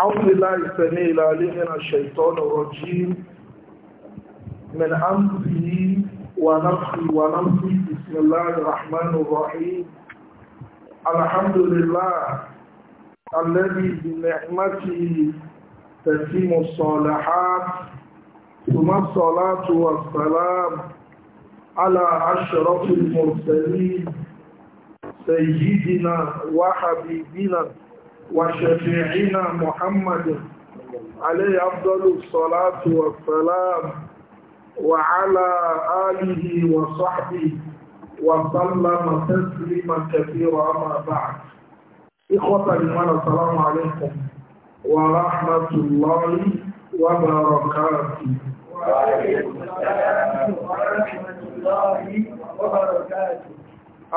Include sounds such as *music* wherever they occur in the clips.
أعوذ بالله السميع العليم من الشيطان الرجيم من أمره ونفسي ونفسي بسم الله الرحمن الرحيم الحمد لله الذي بنعمته تتم الصالحات ثم الصلاة والسلام على أشرف المرسلين سيدنا وحبيبنا وشفيعنا محمد عليه أفضل الصلاة والسلام وعلى آله وصحبه وسلم تسليما كثيرا أما بعد إخوة الإيمان السلام عليكم ورحمة الله وبركاته وعليكم السلام ورحمة الله وبركاته.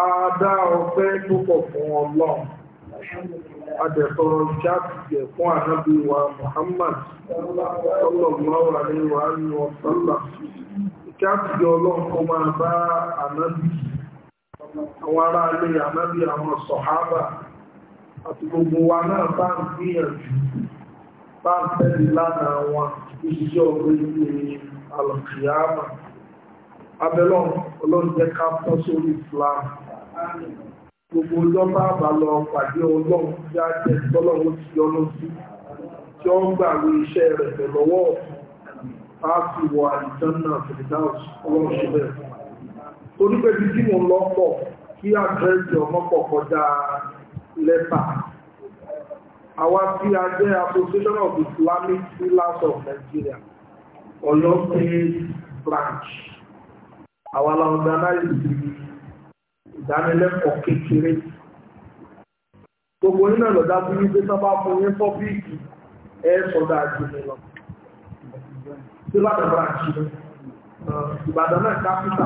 Àdá ọpẹ́ púpọ̀ fún Ọlọ́run. adẹ̀tọ̀rọ̀ jáde fún ànábì wa Muhammad sallallahu alaihi wa alihi wa sallam jáde ọlọ́nkọ́ máa bá ànábì àwọn ará ilé ànábì àwọn sọ̀hábà àti gbogbo wa náà bá ń gbìyànjú bá ń tẹ́lẹ̀ wọn ìṣiṣẹ́ gbogbo lọ́pá àbálọ pàdé ọlọ́run tí a jẹ́ tọ́lọ́run ti yọnu sí tí ó ń gbàwé iṣẹ́ rẹ̀ pẹ̀lọ́wọ́ a fi wọ àìsánná fìdáùs ọlọ́run ṣe bẹ́ẹ̀ torí tí mo lọ pọ̀ kí àdírẹ́sì ọmọ pọ̀ kọjá lẹ́tà àwa tí a jẹ́ association of islamic pillars of nigeria ọ̀yọ́ branch àwa la organize ìdánilẹ́kọ̀ọ́ kékeré gbogbo nínú ọ̀dá fún yí pé tán bá fún yí pọ́bíìkì ẹ sọ̀dá àti ìlọ tí lọ́dọ̀ branch ní Ìbàdàn náà kápítà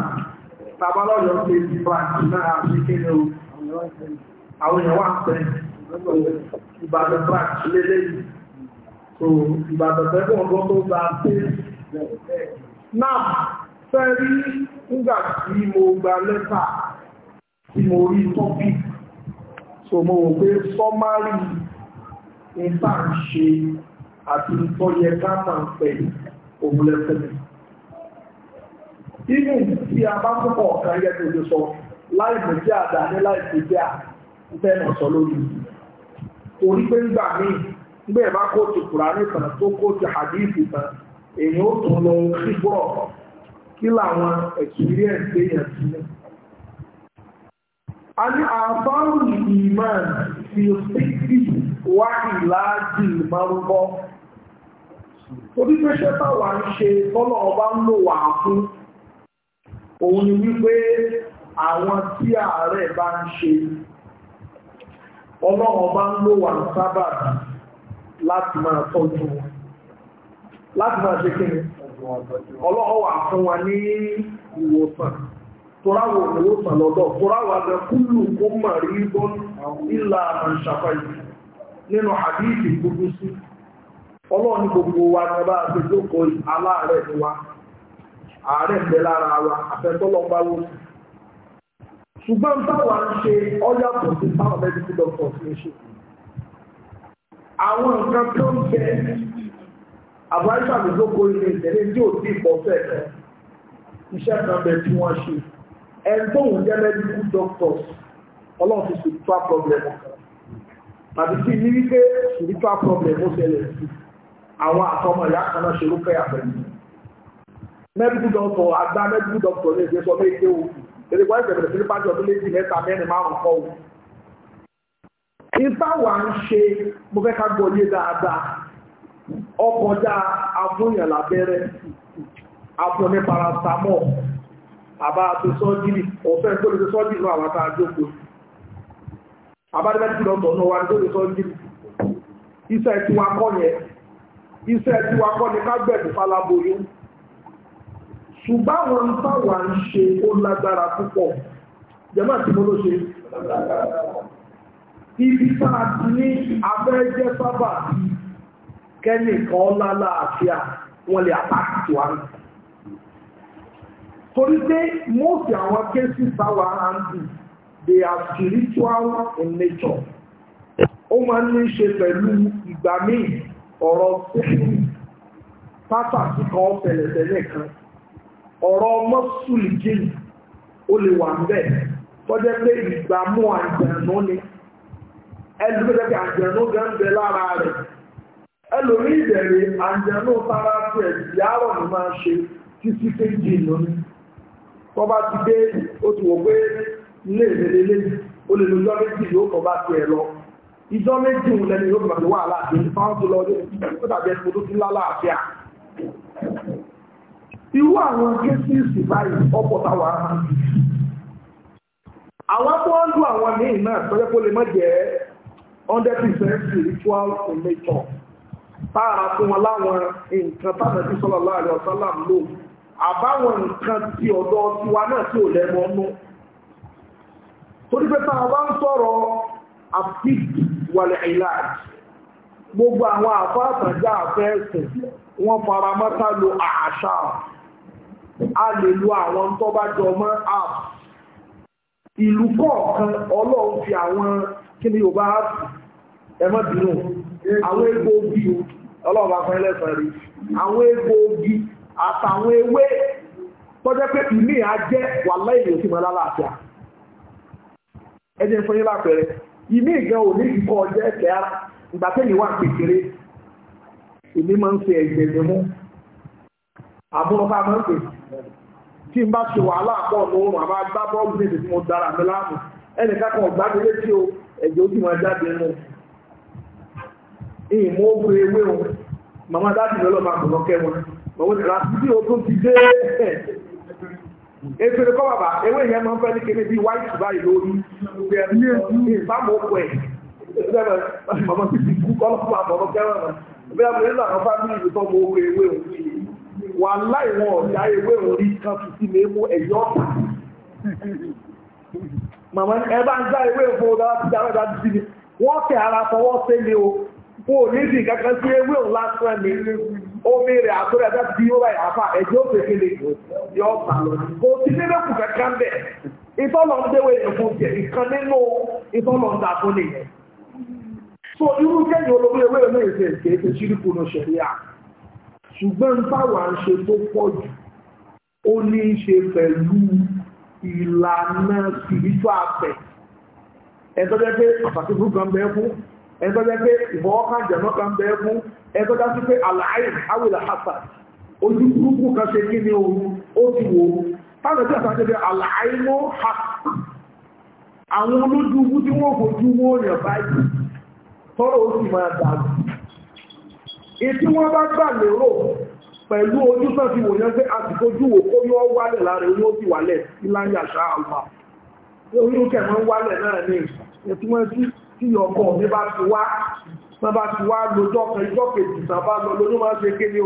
tàbá lọ́yọ̀ ń pèsè branch náà àti kéde o àwọn èèyàn wà ń pẹ́ Ìbàdàn branch lélẹ́yìn so Ìbàdàn tẹ́gbọ̀n tó tó gba pé náà fẹ́ rí nígbà tí mo gba lẹ́tà tí mo rí topic so mo wò pé sọ́márì nípa ń ṣe àti ìtọ́yẹ káàtà ń pẹ̀ tí a bá púpọ̀ ọ̀kan yẹ kí o ti sọ láì mú jẹ́ àdá ní láì fi jẹ́ sọ lórí. pé ńgbà míì, ńgbà ẹ̀ bá tó Hadithi èyí ó tún lọ a ní àbáwù ìmán fi síkì wá ìlàájì ìmárúbọ́ torí pé ṣẹ́ta wà ń ṣe tọ́lọ ọba ń lò wà fún òun ni wípé àwọn tí ààrẹ bá ń ṣe ọlọ́run bá ń lò wà sábà láti máa tọ́jú wọn láti máa ṣe kí ni ọlọ́run wà fún wa ní ìwòsàn toráwọ̀ owó tàlọ́dọ̀ toráwọ̀ abẹ́ kúlù kó mà rí bọ́n ìlà àṣàfàyè nínú gbogbo sí ọlọ́ọ̀ni gbogbo wa ní ọba aláàrẹ̀ ni wa ààrẹ ń bẹ lára wa àfẹ́tọ́lọ́gbáwó ṣùgbọ́n táwa ń ṣe ọjà sí ṣe àwọn nǹkan tó ń bẹ àbáyé ilé tí ò tí ì pọ̀ ẹni tó ń jẹ́ medical doctors ọlọ́run ti spiritual problem tàbí sí ní wípé spiritual problem ó sí àwọn àtọmọ ìyá kan náà ṣerú medical doctor àgbà medical doctor ní ìgbésọ méje o èdè wọ́n ṣẹ̀ṣẹ̀ bẹ̀rẹ̀ sí ní pàṣẹ ọdún méjì mẹ́ta mẹ́rin márùn-ún kọ́ o ìtawà ń ṣe mo fẹ́ ká gbọ́ yé dáadáa ọkọjá lábẹ́rẹ́ àbá tó sọ́jìlì ọ̀fẹ́ tó lè tó sọ́jìlì náà àwọn àjọ́kò àbádẹ́bẹ́tì lọ́tọ̀ náà wà tó lè sọ́jìlì iṣẹ́ tí wà kọ́ yẹn iṣẹ́ tí ibi táà ti ní abẹ́jẹ́ sábà kẹ́nìkan lálàáfíà wọ́n lè àpá àtìwárí torí pé most àwọn kéésì sáwà handu they are spiritual in nature ó máa ń ní ṣe pẹ̀lú ìgbà míì ọ̀rọ̀ sífìrì pátàkì kan tẹ̀lẹ̀tẹ̀lẹ̀ kan ọ̀rọ̀ mọ́sùlì jíìn ó lè wà ń bẹ̀ tọ́jẹ́ pé ìgbàmú àjẹ̀nú ni ẹlùmíjẹ́ pé àjẹ̀nú gan ń bẹ lára rẹ̀ ẹlòmí ìbẹ̀rẹ̀ àjẹ̀nú tara tiẹ̀ ìyárọ̀ ni máa ṣe títí pé jíìn lónìí tó bá ti dé ó ti wò pé ilé ìrẹ̀lẹ̀ lẹ́yìn ó lè lójọ́ méjì yóò kọ́ bá ti ẹ̀ lọ ìjọ méjì ń lẹ́nu yóò gbàgbé wà láti fáwọn tó lọ ó dàbí ẹni tó ti lálàáfíà irú àwọn kéṣìṣì báyìí ọ̀pọ̀ táwa àwọn tó ń lu àwọn míì náà tọ́jọ́ kó lè má jẹ́ hundred percent spiritual in nature táàrà fún wọn láwọn nǹkan tánàbí sallallahu alaihi wasallam lóòrùn àbáwọn nǹkan ti ọ̀dọ̀ tiwa náà tí ò lẹ́mọ nú torí pé táwọn bá ń sọ̀rọ̀ àfíìk wàlẹ̀ ìlàjì gbogbo àwọn àfáàtàjá àfẹ́ẹ̀sìn wọ́n fara mọ́ta lo àṣà a lè lo àwọn tó bá jọ mọ́ app ìlú kọ̀ọ̀kan ọlọ́run fi àwọn kí ni yóò bá ẹmọ́ bínú àwọn egbò ogi ọlọ́run bá fẹ́ lẹ́sàn rí àwọn egbò ogi àtàwọn ewé tọ́jẹ́ pé ìmí à jẹ́ wà lẹ́yìn òsì mọ́lá láàfíà ẹjẹ́ fún yín lápẹẹrẹ ìmí ìgan ò ní ìkọ́ ọjọ́ ẹ̀kẹ́ ara ìgbà tẹ́yìn wà kékeré èmi máa ń ṣe ẹ̀gbẹ̀ mi mú àbúrò bá máa ń pè tí n bá ṣe wàhálà pọ̀ lóòrùn àbá gbá bọ́ọ̀lù ní ìdí mo dára mi láàmú ẹnì kákan ọ̀gbádùn létí o ẹ̀jẹ̀ ojú máa jáde nù ìmú ogun ewé o màmá dáàbì mi lọ́ọ́ máa bùnọ́ kẹ́ òun nìra tí o tún ti dé ètòlè kọ́ bàbá ewé yẹn máa ń fẹ́ ní kéde bíi wáyé ṣùgbá ìlú orí ní ìbámu òkú ẹ̀ mọ̀mọ́ sí ti kú kọ́lọ́pù àbọ̀mọ́ kẹ́rọ̀ náà bí a mẹ́rin àwọn fámìlì ìlú tó mọ orí ewé òun wà láì wọn ọ̀dá ewé òun rí kan tù sí mi mú ẹ̀yọ́ ọ̀tà mọ̀mọ́ ẹ bá ń dá ewé òun fún ọ̀dá láti dá mẹ́ta sí mi wọ́n tẹ̀ ara fọwọ́ sẹ́ni o kó o ní ìdí kankan sí ewé òun lásán ni omi rẹ̀ àtúrẹ̀ àti bí ó báyìí àfà ẹ̀jẹ̀ ó fẹ́ kéde yọ ọ̀sà lọ. kò sí nínú kù kankan bẹ́ẹ̀ ìtọ́lọ̀ ń déwé yẹn fún jẹ ìkan nínú ìtọ́lọ̀ ń dà fún nìyẹn. so irú kẹ́yìn olómi ewé ìlú ìṣe ìṣe ìṣe ṣíríkù ní ṣẹ̀rí à ṣùgbọ́n táwa ń ṣe tó pọ̀ jù ó ní í ṣe pẹ̀lú ìlànà spiritual aspect ẹ̀tọ́jẹ́ pé àpàtúkú kan bẹ́ẹ̀ fún ẹ̀tọ́ jẹ́ pé ìfọwọ́kàn jẹ̀mọ́ kan bẹ́ẹ̀ fún ẹ̀tọ́ já sí pé àlàáyìn awìlà hasa ojú burúkú kan ṣe kí ni òun ó ti wò ó táwọn ẹ̀tọ́ àti àti àlàáyìn ó ha àwọn olójú wú tí wọ́n fojú wọ́n yàn báyìí tọ́rọ̀ ó sì máa dàrú ìtí wọ́n bá gbà lérò pẹ̀lú ojú tán ti wò yẹn pé àsìkò ojú wò kó yọ wálẹ̀ lára ẹni ó ti wálẹ̀ sí láyé àṣà àwọn orí ó kẹ̀ mọ́ wálẹ̀ náà ní ìtí wọ́n sí tí ọkọ mi bá ti wá tán bá ti wá lójọ́ kan ijọ́ kejì tán bá lọ lóyún máa ń ṣe kéde o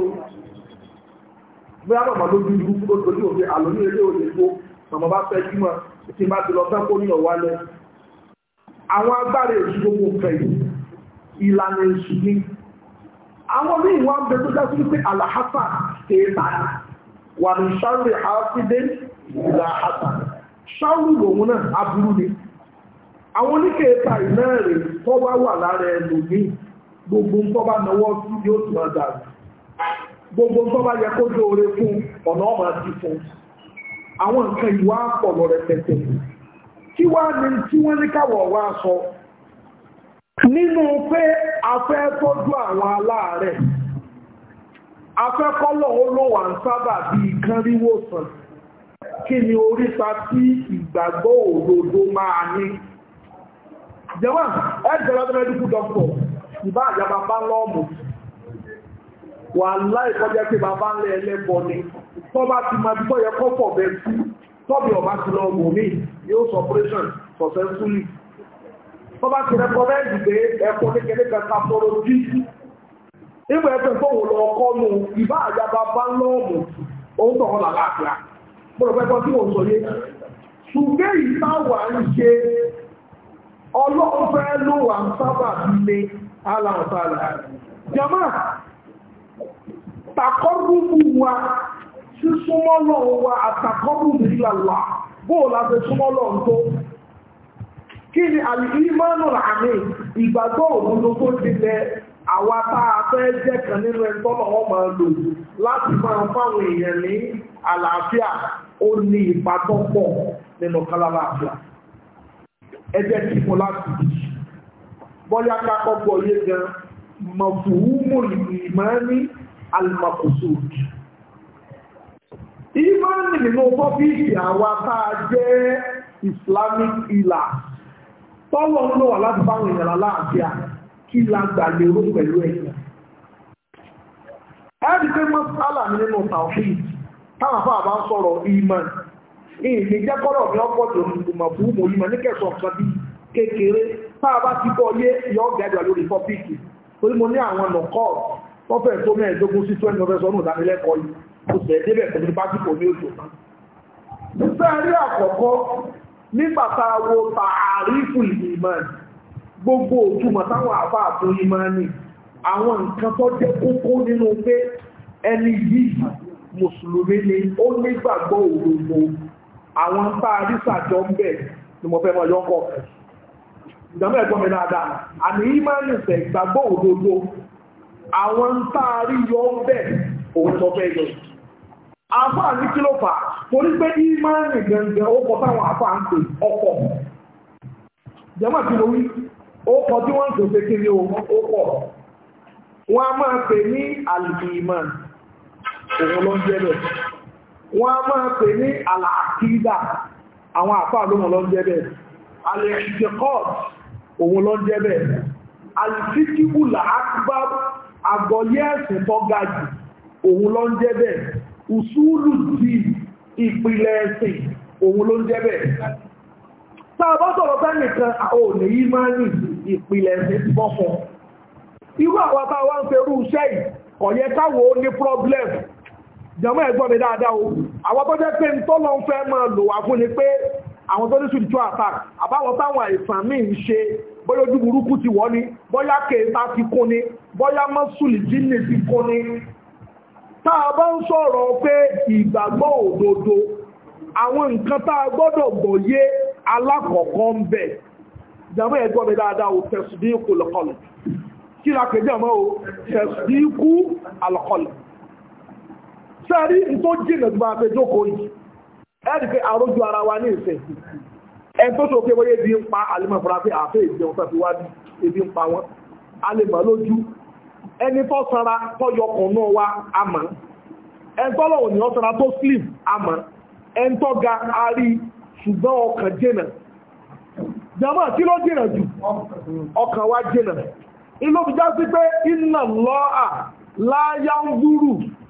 bí wọ́n bá lójú ìlú tó tojú òfin àlóní ilé òyìnbó tọmọ bá fẹ́ jímọ̀ tí bá ti lọ tán kó níyàn wálẹ̀ àwọn agbára èṣù gbogbo nǹkan yìí ìlànà èṣù ni àwọn míì wọ́n àwọn oníkèéta ìlẹ́rìn tó wá wà lára ẹlòmí gbogbo tó bá náwọ́ sí yóò tún ọjà gbogbo tó bá yẹ kó jó ore fún ọ̀nà ọmọ àti fún àwọn nǹkan ìwà pọ̀lọ̀ rẹpẹtẹ kí wá ní tí wọ́n ní káwọ̀ wá sọ nínú pé a fẹ́ tọ́jú àwọn aláàárẹ̀ afẹ́kọ́lọ̀ olówà ń sábà bí ìkan ríwòsàn kí ni orípa tí ìgbàgbọ́ òdodo máa ní jẹ́wọ́n ẹgbẹ̀rẹ̀ ọdún mẹ́díkù dọ́kítọ̀ ìbá àjà bàbá lọ́ọ̀mù wà láì kọjá pé bàbá ńlẹ̀ ẹlẹ́bọ ni tọ́ba ti máa bí bọ́yẹ kọ́pọ̀ bẹ́ẹ̀ sí tọ́bi ọba ti lọ wò mí yóò sọ operation successfully tọ́ba ti rẹ́kọ́mẹ́ǹdì pé ẹ̀kọ́ ní kẹ́lẹ́ kẹta fọ́rọ̀ jí ìgbà ẹ̀fẹ̀ tó wò lọ ọkọ́ nù ìbá àjà bàbá lọ́ọ̀mù òun tọ̀kọ́ làlá àgbà mo rò pẹ́ ọlọ́run fẹ́ ló wà ń sábà nílé aláàbàlà jọmọ́ takọ́rùbù wa sísúnmọ́ lọ́wọ́ wa àtakọ́rùbù ìlàlá bóò láti súnmọ́ lọ́wọ́ tó kí ni àlìmọ́nù àmì ìgbàgbọ́ òdodo tó dilẹ̀ àwa tá a fẹ́ jẹ́ kan nínú ẹ̀ńtọ́ lọ́wọ́ máa lò láti máa fáwọn èèyàn ní àlàáfíà ó ní ìpàtọ́pọ̀ nínú kálábàáfíà. ẹgbẹ́ tí mo láti bí bọ́yá kákọ́pọ̀ yé gan mọ̀fùhúmù ìmọ̀ẹ́ni alìmọ̀kùsùdì ìmọ̀ẹ́ni nínú bọ́bíìsì àwa tá a jẹ́ islamic ìlà tọ́lọ̀ ń lọ wà láti báwọn èèyàn lálàáfíà kí la gbà pẹ̀lú ẹ̀yàn pé mọ́sálà nínú tàwọn fíìsì táwọn àbá sọ̀rọ̀ ìhìn jẹ́kọ́rọ̀ mi ọkọ̀ tó mọ̀ fún mo yìí mọ̀ ní kẹsàn kan bí kékeré tá a bá ti bọ́ yé yọ gàdúrà lórí tọ́pìkì torí mo ní àwọn nọ̀kọ́ tọ́fẹ̀ tó mẹ́ẹ̀ẹ́dógún sí twenty professor nù dánilẹ́kọ̀ọ́ yìí kò sẹ̀ débẹ̀ pẹ̀lú pásítọ̀ ní òjò kan. sẹ́ẹ̀rí àkọ́kọ́ nígbà tá a wo tààrífù ìmánì gbogbo òtúmọ̀ táwọn àbá àtò ìmánì àwọn nǹkan tó jẹ́ kókó nínú pé ẹni yìí mùsùlùmí ni ó nígbàgbọ́ òdodo àwọn bá àrísàjọ ń bẹ̀ ni mo fẹ́ mọ̀ yọ́ kọ́ ìdámọ́ mi náà dáa àmì ìgbàgbọ́ àwọn a rí yọ ń bẹ̀ òun sọ fẹ́ yọ àfáà ní kí ló fà á torí pé ìmánì gẹ̀ǹgẹ̀ ó kọ táwọn ń pè ọkọ̀ ó kọ tí wọ́n ń wọ́n a máa pè ní àlàákídà àwọn àfáà ló mọ̀ lọ jẹ́ bẹ́ẹ̀ alẹ́ṣìṣẹ́kọ́t òun lọ jẹ́ bẹ́ẹ̀ alìsíkíbùlà akbá àgọ́yé ẹ̀sìn tó ga jù òun ló ń jẹ́ bẹ́ẹ̀ ùsùlù ti ìpìlẹ̀ ẹ̀sìn òun ló ń jẹ́ bẹ́ẹ̀ problem jẹmọ́ ẹ̀gbọ́n mi dáadáa o àwọn tó jẹ́ pé ń tọ́lọ ń fẹ́ máa lò wá fún ni pé àwọn tó ní sùn tó attack àbáwọn táwọn àìsàn míì ń ṣe bóyá ojú burúkú ti wọ́ ni bóyá kèéta ti kún ni bóyá mọ́sùlì jínì ti kún ni tá a bá ń sọ̀rọ̀ pé ìgbàgbọ́ òdodo àwọn nǹkan tá a gbọ́dọ̀ gbọ́yé alákọ̀ọ́kọ́ ń bẹ jẹmọ́ ẹ̀gbọ́n mi dáadáa o tẹ̀sùdínkù lọ́kọ̀lù kí la pè jẹ́mọ́ o tẹ̀sùdínkù àlọ́kọ̀lù sari nto jina tó máa fẹ́ jókòó yìí ẹ̀rì ara wa ní ìfẹ́ ẹ̀ tó tó pé ebi ń pa àlèmọ̀ fúra pé àfẹ́ ìjẹun ebi ń pa wọn àlèmọ̀ lójú ẹni tó sanra tó yọkùn náà wá ẹni tó lọ́wọ́ slim ẹni ga arí ṣùgbọ́n ọkàn jìnà jama kí ló jìnà jù ọkàn wa jìnà ìlú fi sí pé iná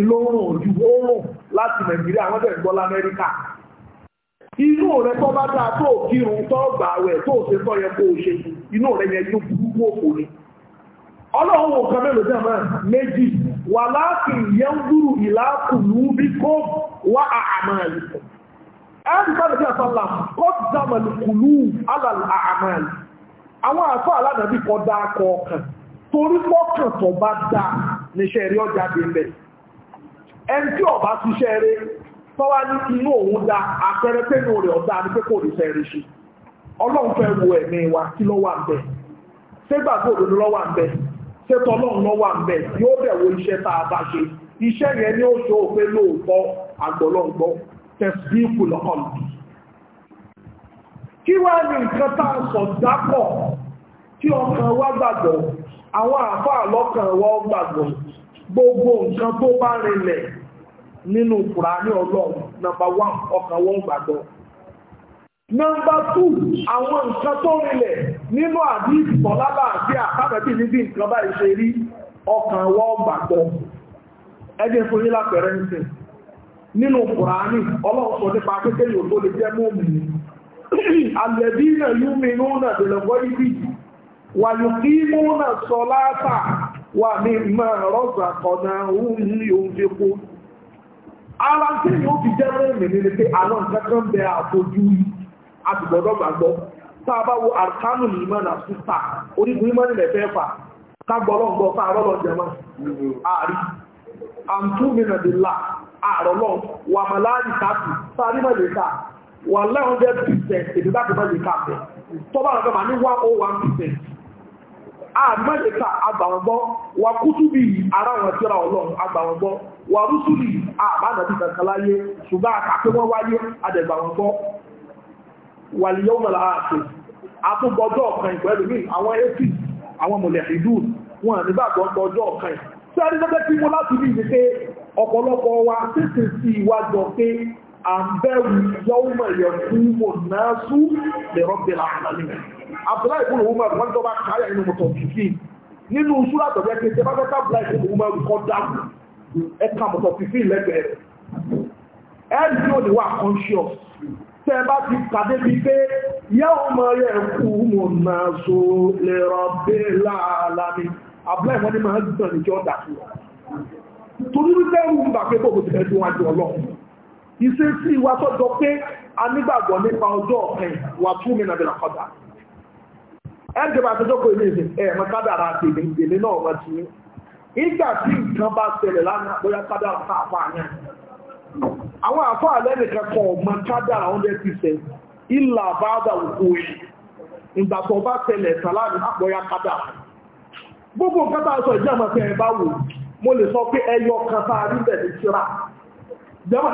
ìlú oòrùn ojú oòrùn láti nàìjíríà wọ́n bẹ̀rẹ̀ gbọ́ lamẹ́ríkà inú rẹ tó bá dáa tó kírun tó gbà wẹ̀ tó ṣe tó yẹ kó ṣe inú rẹ yẹn yóò burúkú òkò ni ọlọ́run wò kan mélòó jẹ́ mọ́ méjì wà láàfin yẹn dúró bí wá àmà àmà àwọn dáa ẹni tí ọba ṣiṣẹ́ rẹ tọ́wá ní inú òun da àpẹẹrẹ pẹ̀lú rẹ̀ ọ̀dá ni pé kò ní fẹ́ rí ṣe ọlọ́run fẹ́ wo ẹ̀mí wa kí ló wà ń bẹ̀ ṣé gbàgbọ́ òdodo ló wà ń bẹ̀ ṣé tọ́lọ́run ló wà yóò bẹ̀ iṣẹ́ tá a bá ṣe iṣẹ́ yẹn ni ó ṣe òpin lóòótọ́ àgbọ̀lọ́gbọ́ tẹ̀síkù lọ́kàn bí. kí wá ní nǹkan tá a sọ dápọ̀ tí ọkàn wa gbàgbọ́ àwọn àfáà lọ́kàn wa gbàgbọ́ gbogbo nǹkan tó bá rinlẹ̀ nínú Kùránì ọlọ́run nọmba wán ọkàn wọn gbàgbọ́ nọmba tù àwọn nǹkan tó nínú àbí àti nǹkan ṣe rí ọkàn wọn gbàgbọ́ ẹgbẹ́ fún yín nínú Kùránì ọlọ́run sọ nípa pé tó lè jẹ́ mọ́mì alẹ́bí náà yú mi nínú wàyùkí mú náà sọ wà ní máa rọ́gbà kọ̀nà òun ní òun fi ala ara tí yóò fi jẹ́ mẹ́rin ní pé àwọn nǹkan bẹ àfojú àtìgbọ́dọ̀ gbàgbọ́ tá a bá wo àrkánù ìmọ̀ nà sísà orígun ìmọ̀ nílẹ̀ fẹ́ fà kágbọ́rọ̀ gbọ́ fà rọ́lọ́ jẹmọ́ ààrí wà káàkì wà jẹ́ èdè bá àmẹ́lẹ́ta agbàwọ̀gbọ́ wà kútùbí ara wọn tíra ọlọ́run agbàwọ̀gbọ́ wà rúsùlì àbánàbí kankaláyé ṣùgbọ́n àkàpẹ́ wọ́n wáyé adẹ̀gbàwọ̀gbọ́ wà lè yọ́ mọ̀lá àti àtúgbọ́jọ́ ọ̀kan ìpẹ́lú mi àwọn apis àwọn mọ̀lẹ̀ ìdú wọn nígbàgbọ́ ọjọ́ ọ̀kan sẹ́rí lọ́gbẹ́ tí mo láti bí ìdíké ọ̀pọ̀lọpọ̀ wa tètè sí iwájọ pé à Abdullahi ibn Umar wọ́n tó bá káyà nínú mọ̀tọ̀ fífì nínú ṣúra tọ̀bí ẹ̀kẹ́ tẹ́ bá fẹ́ ká Abdullahi ibn Umar kọ́ dáàbò ẹ̀ka mọ̀tọ̀ fífì lẹ́gbẹ̀ẹ́ rẹ̀ ẹni tí ó lè wà conscious tẹ́ bá ti pàdé bíi pé yẹ́wò mọ̀ yẹ kú mọ̀ náà so lè rọ̀ bẹ́ẹ̀ láàlámi Abdullahi wọ́n ní máa ń gbọ̀n níjọ́ dàkú torí wípé ń gbà pé bóòbò ti fẹ́ dún wájú ọlọ́run ìṣesí wa sọ́jọ́ pé a nígbàgbọ́ nípa ọjọ́ ọ̀kan wà tún mi nàbẹ̀rẹ̀ kọjá ẹgbẹ̀rún àtọ́jọ́kọ̀ ilé ìsìn ẹ̀ẹ̀mọ́ kádàrà tèmi tèmi náà wọ́n ti ní ìgbà tí nǹkan bá ṣẹlẹ̀ lánàá bóyá kádàrà tá àfà yẹn àwọn àfà lẹ́nìkan kan ọmọ kádàrà hundred percent ìlà bàdà òkú yìí ìgbà tó bá ṣẹlẹ̀ kádàrà gbogbo nǹkan tá a sọ ìdí àmọ́ fẹ́ẹ́ bá wò mo lè sọ pé ẹyọ kan tá a rí bẹ̀ ní tíra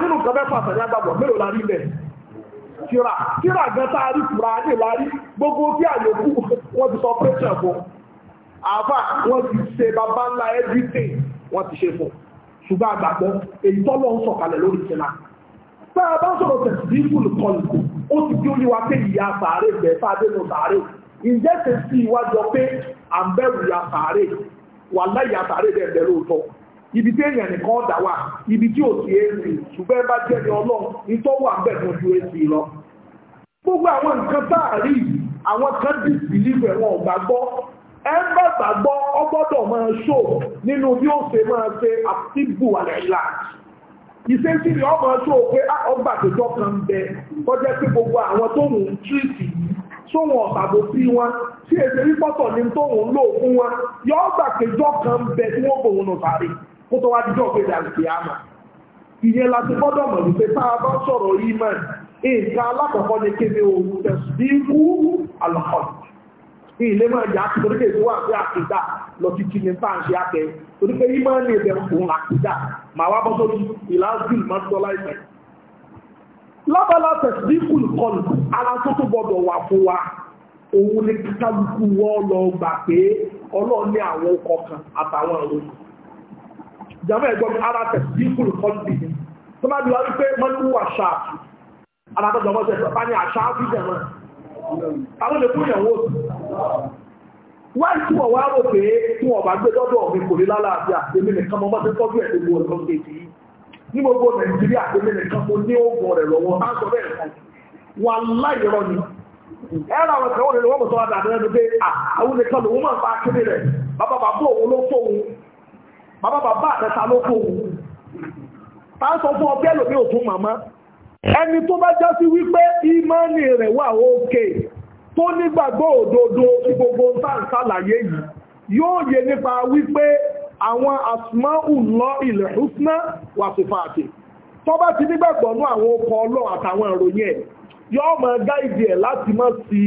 nínú nǹkan kíra kíra gan táàrí kùrà ní ìlàrí gbogbo bí àyòkú wọ́n ti sọ pẹ́sẹ̀ fún àfà wọ́n ti ṣe bàbá ńlá everything wọ́n ti ṣe fún ṣùgbọ́n àgbàgbọ́ èyí tọ́lọ́ ń sọ̀kalẹ̀ lórí ìṣẹ́lá bá a bá sọ̀rọ̀ tẹ̀síkùl kọlùkù ó ti di olúwa pé ìyá sàárè bẹ̀ fáadé lọ sàárè ìjẹ́ tẹ̀sí ìwájọ pé à ń bẹ̀rù ìyá sàárè wà láì ìyá sàárè bẹ̀ ibi tí èèyàn nìkan ọ̀dà wà ibi tí ò sí èsì ṣùgbọ́n ẹ bá jẹ́ ní ọlọ́run nítọ́ wà ń bẹ̀rẹ̀ ju èsì lọ. gbogbo àwọn nǹkan tá a rí àwọn kan dì bìlífù ẹ̀wọ̀n ọ̀gbàgbọ́ ẹ ń bá gbàgbọ́ ọgbọ́dọ̀ máa ṣò nínú bí ó ṣe máa ṣe àtìbù àlẹ́là. ìṣesí ni ọmọ ṣò pé ọgbà àtijọ́ kan bẹ kọjá pé gbogbo àwọn tó ń tírìtì sóhun ọ̀tàbò sí wọn tí èsè rí pọ́tọ̀ ní tóhun lò fún wọn yọ ọgbà àtijọ́ kan bẹ tí wọ́n bòun nù sáré kó tó wá dídọ̀ pé dàgbé àmà ìyẹn la ti gbọ́dọ̀ mọ̀ wípé tá a bá sọ̀rọ̀ yìí mọ̀ nǹkan alákọ̀ọ́kọ́ ni kéde òun tẹ̀sùn bí kú àlọ́kọ̀ọ́ ilé máa jà kí torí kéde wà pé àkìdá lọ ti kìíní tá à ń ṣe àkẹ́ torí pé yìí máa ń lè bẹ̀ fún àkìdá màá wá bọ́ òun ni kálukú wọ́ lọ gbà pé ọlọ́ọ̀ ní àwọn ọkọ̀ kan àtàwọn ìròyìn jàmọ́ ẹ̀gbọ́n ara tẹ̀ sí kúrò kọ́ńtì ni tó bá di wá wípé wọ́n ní wà ṣáàtì ara tó jọmọ́ sẹ̀ bá ní àṣáàtì jẹ̀mọ́ àwọn lè fún ìyàwó òsì wọ́n tí wọ́n wá wò pé tí wọ́n bá gbé lọ́dọ̀ mi kò ní lálàáfíà èmi nìkan mọ́ bọ́sẹ̀ tọ́jú ẹ̀ gbogbo ọ̀dọ́ kejì ní gbogbo nàìjíríà èmi nìkan mo ní oògùn rẹ̀ lọ́wọ́ á sọ bẹ́ẹ̀ kan wà láìrọ́ ni ẹ̀rọ àwọn ìkàwọ́ rẹ̀ lọ́wọ́ mọ̀ sọ́wọ́ dàdúrà ní pé àwọn nìkan lòun máa ń pa bàbá bàbá àtẹta ló kó òun ta ń sọ fún ọ bẹ́ẹ̀ lómi òtún màmá ẹni tó bá já sí wípé ìmánì rẹ̀ wà òkè tó nígbàgbọ́ òdodo tí gbogbo ń tà ń sàlàyé yìí yóò yé nípa wípé àwọn asmaullah ilhusna wà sífàtì tó bá ti nígbàgbọ́ nú àwọn ọkọ̀ ọlọ́ àtàwọn ìròyìn ẹ̀ yóò máa gáìdì ẹ̀ láti má sí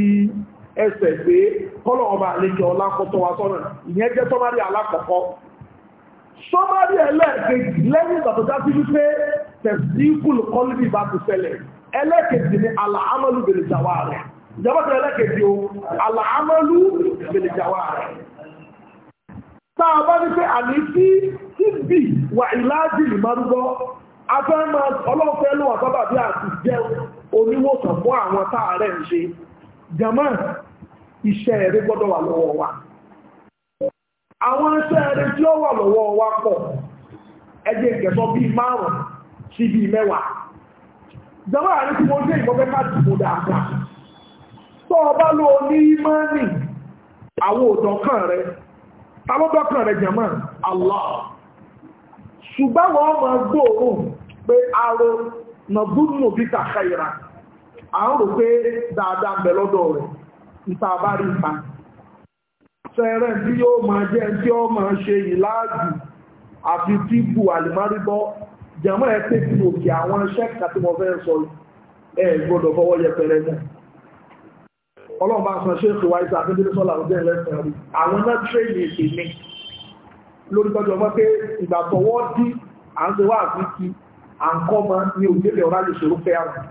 ẹsẹ̀ pé kọ́lọ̀ ọba àlejò ọlá kọ́tọ̀ wa sọ́nà ìyẹn jẹ́ tọ́márì alákọ̀ọ́kọ́ sọ́mọ́rí ẹlẹ́ẹ̀kejì lẹ́yìn ìgbà tó dájú wípé tẹ̀síkùl kọ́lùbì bá ti fẹ́lẹ̀ ẹlẹ́ẹ̀kejì ni àlàámọ́lù bèlè jàwá rẹ̀ ìjọbọ́tà ẹlẹ́ẹ̀kejì o àlàámọ́lù bèlè jàwá rẹ̀ tá a bá ní pé àní tí tí bì wà ìlàjì lè máa ń gbọ́ afẹ́mọ́ ọlọ́fẹ́ ló wà sábà bí àti jẹ́ oníwòsàn fún àwọn táàrẹ̀ ń ṣe jàmáà iṣẹ́ rẹ̀ gbọ́dọ̀ wà lọ́wọ́ wa àwọn aṣẹ́rẹ́ tí ó wà lọ́wọ́ wa pọ̀ ìkẹsọ́ bíi márùn-ún sí bíi mẹ́wàá jọba àárín tí mo jẹ́ ìgbọ́fẹ́ má dìbò dáadáa tó o bá lo ní àwọn rẹ rẹ jẹ̀mọ́ aro bí à ń rò pé dáadáa rẹ̀ ìta fẹ́rẹ̀ tí yóò máa jẹ́ tí ó máa ṣe ìlàájù àfi tí bù àlìmárìbọ́ jẹ̀mọ́ ẹ pé kí òkè àwọn iṣẹ́ kàtí mo fẹ́ sọ ẹ gbọ́dọ̀ fọwọ́ yẹpẹrẹ mọ́ ọlọ́ọ̀bá sọ ṣe é wáyé sí àbíndé sọ́là ọdún ẹlẹ́sìn rí àwọn náà tírèyìn èdè mi lórí tọ́jú ọmọ pé ìgbà tọwọ́ dí à ń ṣe wá àfíkí à ń kọ́ mọ ní òjèlè ọ̀rá lè ṣòro fẹ́ àwọn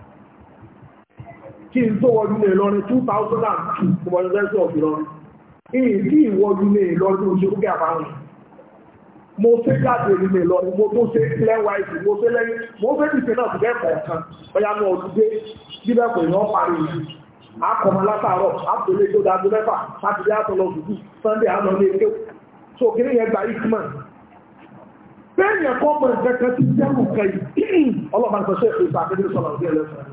kí n tó wọlé Ìlọrin 2002 ìmọ̀lẹ́sẹ̀ ọ̀fìlọrin ìdí ìwọ́dún lè lọ́dún oṣù kí àbáwọn mo fẹ́ jáde nílé lọ mo tó ṣe lẹ́wàá ìsìn mo fẹ́ lẹ́yìn mo fẹ́ ti ṣe náà ti bẹ́ẹ̀ kọ̀ọ̀kan ọ̀yà náà ọdún dé bíbẹ̀ kò parí yìí akọ̀mọ látàárọ̀ àtòlé tó dájú mẹ́fà sátidé òdùdú sunday àná ní èké so kí nìyẹn gba ikman bẹ́ẹ̀ yẹn kọ́ mọ̀ nǹkan kan ti jẹ́ *clears throat*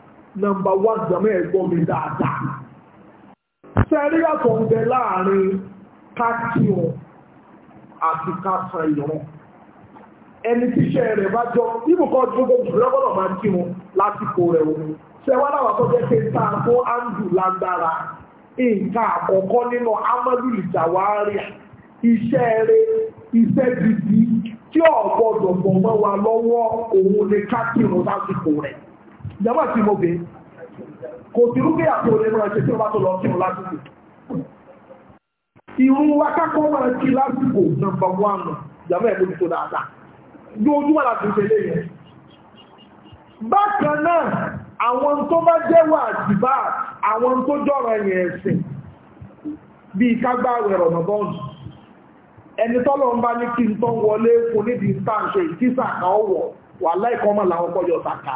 nọmba wá jọmọ́ ẹ̀gbọ́n mi dáadáa sẹ́rí yàtọ̀ ń bẹ láàrin kákíọ̀ àti kásan ìrún ẹni tí iṣẹ́ rẹ̀ bá jọ ibùkọ́ gbogbo ìrọ́gbọ́dọ̀ máa kí wọn lásìkò rẹ̀ o ṣẹ̀wá láwọn tó jẹ́ pé tá fún andrew Landara, nǹkan àkọ́kọ́ nínú amadu ìjàwárí iṣẹ́ rẹ̀ iṣẹ́ gidi tí ọ̀gbọ́dọ̀ bọ̀ mọ́ wa lọ́wọ́ òun ni kákíọ̀ lásìkò rẹ̀ ìjọba tí mo gbé kò tí rúgbé àti olè mọ́ ẹ̀ṣẹ́ tí ó bá tó lọ kírun lásìkò ìrún akákọ́ mọ́ ẹ̀ṣẹ́ lásìkò nàmbà wánù ìjọba ẹ̀mú ti tó dáadáa lójúmọ́ láti ń tẹ̀lé bákan náà àwọn tó bá jẹ́ wà àdìbà àwọn tó jọ̀rọ̀ yẹn ẹ̀sìn bíi kágbá rẹ̀ rọ̀nà bọ́ọ̀lù ẹni tọ́lọ̀ ń bá ní kí n tọ́ wọlé fún nídìí sáà ṣe ìkísà kan ọ̀wọ̀ wà láìkọ́mọ̀ làwọn kọjọ́ sàkà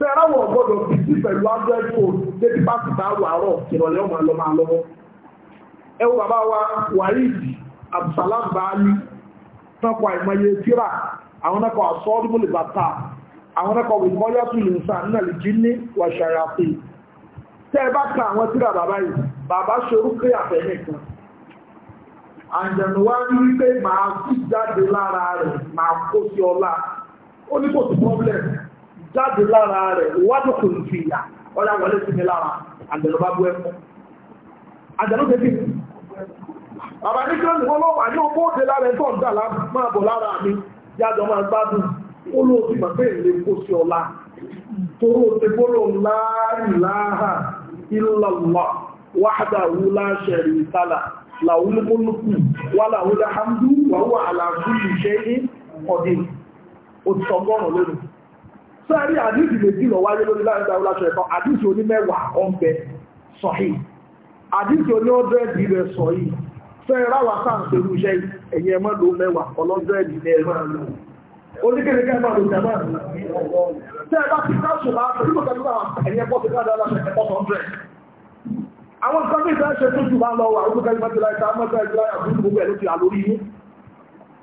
fẹ́ràn gbọ́dọ̀ bí sí pẹ̀lú android débi bá ìrọ̀lẹ́ ọmọ àlọ́ ewu baba bàbá wa wahid abdulsalam baali tọkọ àìmọye tíra àwọn nẹkọ àsọọdún bàtà àwọn nẹkọ wìkọyà tún lè sàn náà lè tẹ́ ẹ ka àwọn tíra bàbá yìí bàbá pé màá jáde lára rẹ̀ màá kó sí ọlá ó jáde lára rẹ̀ ìwádìí kò fi ìyà ọ̀yà mi lára àjẹ̀lú bá bú ẹ̀kọ́. àjẹ̀lú bàbá ní lọ́wọ́ àní owó lára ẹ̀ máa bọ̀ lára mi jáde ó ló ti kó sí ti gbóló wáhádà wú ìtàlà wà wà wà àlàáfíì ìṣẹ́ òtítọ́gọ́rùn lónìí sẹ́rí àdìsí méjì lọ wáyé lórí láàrin ìdáwó láṣọ ẹ̀fọ́ àdìsí onímẹ́wàá ọ̀nbẹ sọ̀hí àdìsí oníọ́dẹ́ẹ̀dì rẹ̀ sọ̀hí sẹ́rí ráwà sáà pẹ̀lú iṣẹ́ ẹ̀yẹ mọ́ mẹ́wàá ọlọ́dẹ́ẹ̀dì rẹ̀ lọ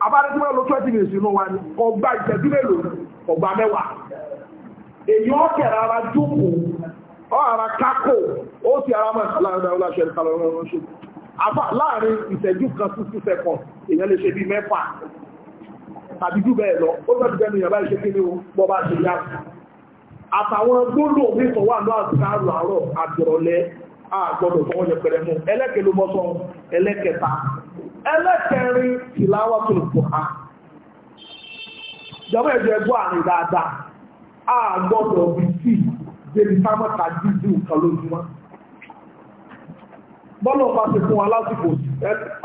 abárígbé lọ 20 minutes inú wa ni ọgbà ìtẹ́jú mélòó ọgbà mẹ́wàá èyí ó kẹ̀rẹ̀ ara jókòó ọ ara kákò ó ti ara mọ̀ aláàrẹ̀ ọláṣẹ́ ìkàlọ̀ ọ̀rọ̀ ṣe àfà láàrin ìtẹ́jú kan sí sí sẹ́kọ̀ èèyàn lè ṣe bí mẹ́fà tàbí jù bẹ́ẹ̀ lọ ó lọ́dún bẹ́ẹ̀ nìyàn bá ṣe kí ni ó bọ́ bá ṣe yá àtàwọn gbólò mítọ̀ wà náà ti ká àrọ̀ àjọ̀rọ̀lẹ́ àgbọ̀dọ̀ tó wọ́n yẹ pẹ̀rẹ̀ mú ẹlẹ́kẹ̀ ló mọ́ sọ ẹlẹ́kẹta ẹlẹ́kẹrin tilawatul Qur'an jọmọ́ ẹ̀jẹ̀ ẹgbọ́ àrùn dáadáa a gbọ́dọ̀ bí sí débi sámọ́ta dídú nǹkan lójúmọ́ bọ́lọ̀ ọba ti fún wa lásìkò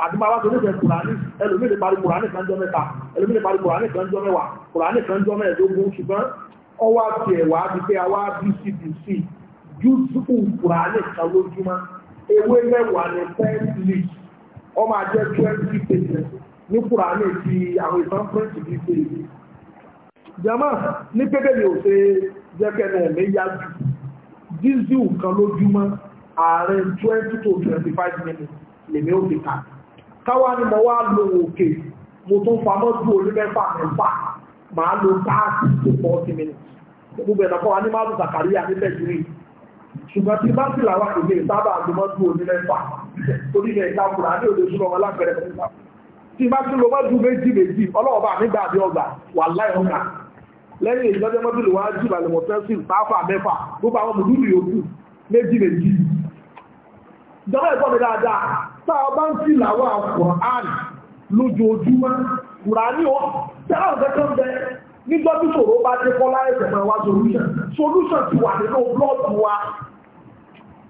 àdúgbò aláṣẹ oníṣẹ́ kùránì ẹlòmíì parí kùránì kan jọ mẹ́ta ẹlòmíì parí kùránì kan jọ mẹ́wàá kùránì kan jọ mẹ́ẹ̀ẹ́dógún ṣùgbọ́n ọwọ́ àti ẹ̀wà àti pé àwa bcbc jùsùkù kùránì kan lójúmọ́ ewé mẹ́wàá ní pẹ́ẹ́lì ọ máa jẹ́ twenty pages ní kùránì ti àwọn ìtàn french bíi page jama ní pépé mi ò ṣe jẹ́kẹ́nu ẹ̀mí yá jù dísù kan lójúmọ́ ààrẹ twenty to twenty five minutes lèmi ò fi kà káwá ni mo wá lo òkè mo tún famọ́ ju orí mẹ́fà mẹ́fà màá lo táàkì tó forty minutes gbogbo ẹ̀dá kọ́ wa ní máa lù Zakaria níbẹ̀ jùlọ ṣùgbọ́n tí bá sì làwọn ìgbé ìsábà àgbọ̀mọ́ ju orí onílẹ̀ ìtàkùrà ní òde súnmọ́ wọn lápẹẹrẹ pẹ̀lú tí bá tún lọ bá ju méjì méjì ọlọ́ọ̀bá nígbà àbí ọgbà wà láì ọgbà lẹ́yìn ìjọ́jẹ́ mọ́bílì wá jù balẹ̀mọ̀ fẹ́sìn pàápàá mẹ́fà gbogbo àwọn mùdúrù yòókù méjì méjì ìjọba ẹ̀kọ́ mi dáadáa tá a bá ń sì làwọn àkùrán lójoojúmọ́ kùránì ó tẹ́lá ọ̀kẹ́kẹ́ bẹ nígbà tí ṣòro bá dé kọ́lá ẹ̀sẹ̀ mọ́ wá solution solution ti wà nínú blọ́ọ̀dù wa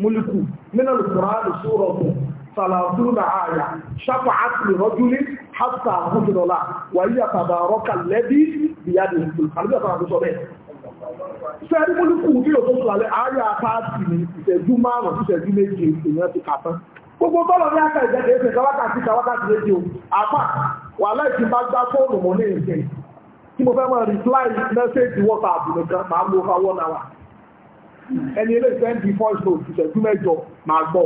múlùkù nínú ìkùránì sóòrọ̀ mú sàlàtúnà àyà ṣáfà àtìlì rọ́júlé hátà àkójọ́lá wàyí àtàbà rọ́kà lẹ́bí ìyáde sẹ́rí múlùkù tí yóò tó sọ alẹ́ àyà àtàtì ní ìṣẹ́jú márùn-ún ìṣẹ́jú méje èèyàn ti kàtán gbogbo bọ́ọ̀lù ní àkà ìjẹ́jẹ́ ẹ̀sẹ̀ kawákàtí kawákàtí méje o àpá wà láìsí bá gbá fóònù mọ́ ní ìṣẹ́ tí mo fẹ́ mọ́ reply message WhatsApp nìkan máa ń lo fáwọn náà ẹni ilé sẹ́ńtì voice note ìṣẹ́jú mẹ́jọ máa gbọ́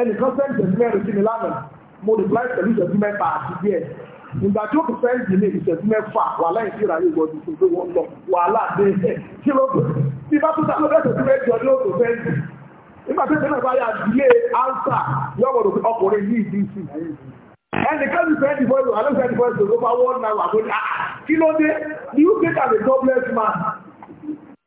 ẹnì kan sẹ́ńtì ìṣẹ́jú mẹ́rin sí mi lánàá mo reply pẹ̀lú ìṣẹ́jú mẹ́ta àti díẹ̀ ìgbà tí ó kù sẹ́ńtì ní ìṣẹ́jú mẹ́fà wà láì sí ìràyè ìwọ̀dù tó gbé wọn lọ wàhálà dé ẹ̀ kí ló tó bí bá tó sá lọ́dọ̀ ìṣẹ́jú mẹ́jọ ní òkè sẹ́ńtì nígbà tí ìṣẹ́jú mẹ́fà yà dílé ánsà yọ̀wọ̀dù ọkùnrin ní ìdí sí ẹnìkan ní sẹ́ńtì bọ́ọ̀lù alẹ́ sẹ́ńtì bọ́ọ̀lù ló bá wọ́n náà wà lórí ah, kí ló dé ni you take as a jobless man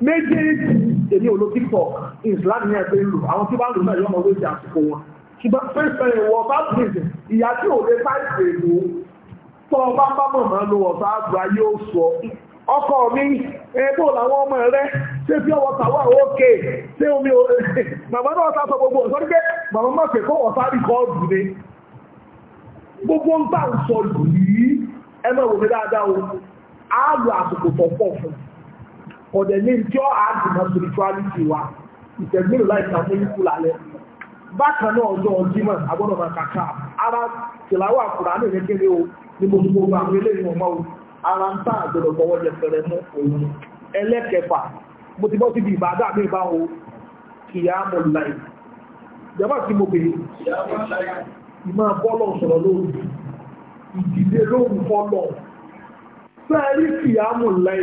méjèèjì èmi ò lo tiktok islam ní ẹgbẹ́ lò àwọn tí wọ́n lò náà yọmọ wéjì àsìkò wọn ṣùgbọ́n pẹ́ẹ́pẹ́ wọ bá bìrìsì ìyá tí ò lè bá ìpè lò tọ́ bá lo ọ̀sán àgbà yóò sọ ọkọ mi ẹgbẹ́ làwọn ọmọ rẹ ṣé ọwọ́ òkè ṣé omi ò màmá *laughs* náà sá sọ gbogbo ọ̀sán pé màmá má fẹ́ kó ọ̀sán gbogbo ń bá ń sọ yìí ẹ wò mí dáadáa ọ̀dẹ̀ ní tí ó àádùnmọ̀ spirituality wa ìtẹ̀gbìrì láìsí àwọn ikú lálẹ́ bákan náà ọjọ́ ọjímọ̀ agbọ́dọ̀ máa kàkà ara tìláwà kùrà ní ìrẹ́kẹ́ ní o ní gbogbo àwọn eléyìí ọmọ o ara ń tà àgbẹ̀rẹ̀ bọ́wọ́ jẹ fẹ̀rẹ̀ mú òun ẹlẹ́kẹfà mo ti bọ́ síbi ìbàdà mi bá o kìyà mọ̀ láì jọba tí mo bèèrè ìmọ̀ bọ́lọ̀ sọ̀rọ̀ lóru ìdílé lóru bọ́lọ̀ fẹ́ẹ́ rí kìyà mọ̀ láì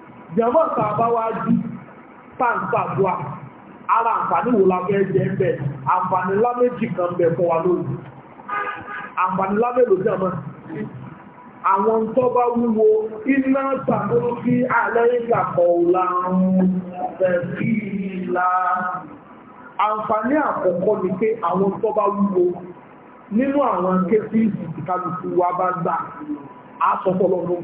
jẹ̀mọ́ tàbá wá jí pàǹtàdùà ara àǹfààní wò la fẹ́ jẹ́ ń bẹ̀ àǹfààní ńlá méjì kan ń bẹ̀ fún wa lónìí àǹfààní ńlá mélòó jẹ̀mọ́ àwọn tó bá wúwo iná tàbí sí alẹ́ ìgbàkọ̀ làwọn fẹ̀sí ìlà àǹfààní àkọ́kọ́ ni pé àwọn tó bá nínú àwọn kéfì ìsìnkálukú wa bá gbà á sọ fọlọ́ lóhùn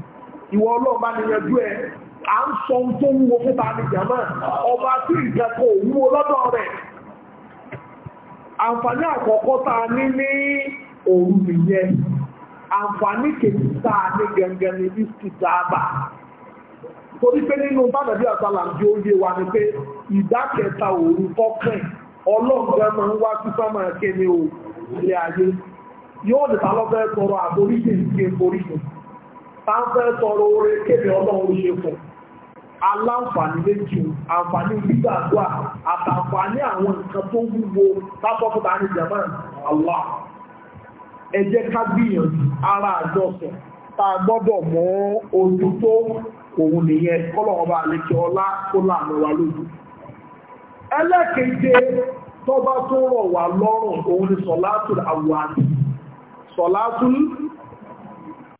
ìwọ ọlọ́ọ̀bá ni yanjú ẹ̀ a ń sọ ohun tó wúwo fún ọba tí nǹkan kò lọ́dọ̀ rẹ̀ àǹfààní àkọ́kọ́ taa ní ní òru nìyẹn àǹfààní kejì tá ní gangan ní bí kìtàbà torí pé nínú bàbàbí àtàlà wa ni pé òru máa ń wá sí ò ilé ayé bá ń fẹ́ tọrọ oore kéde ọlọ́run ṣe fún aláǹfààní méjì àǹfààní gbígbàdúrà àtàǹfààní àwọn nǹkan tó wúwo lábọ́kúta ní german allah ẹ ká gbìyànjú ara àjọsìn tá a gbọ́dọ̀ mọ́ ojú tó òun nìyẹn kọ́lọ̀ ọba ọlá tó láàmú wa lójú tó rọ̀ wá lọ́rùn òun ni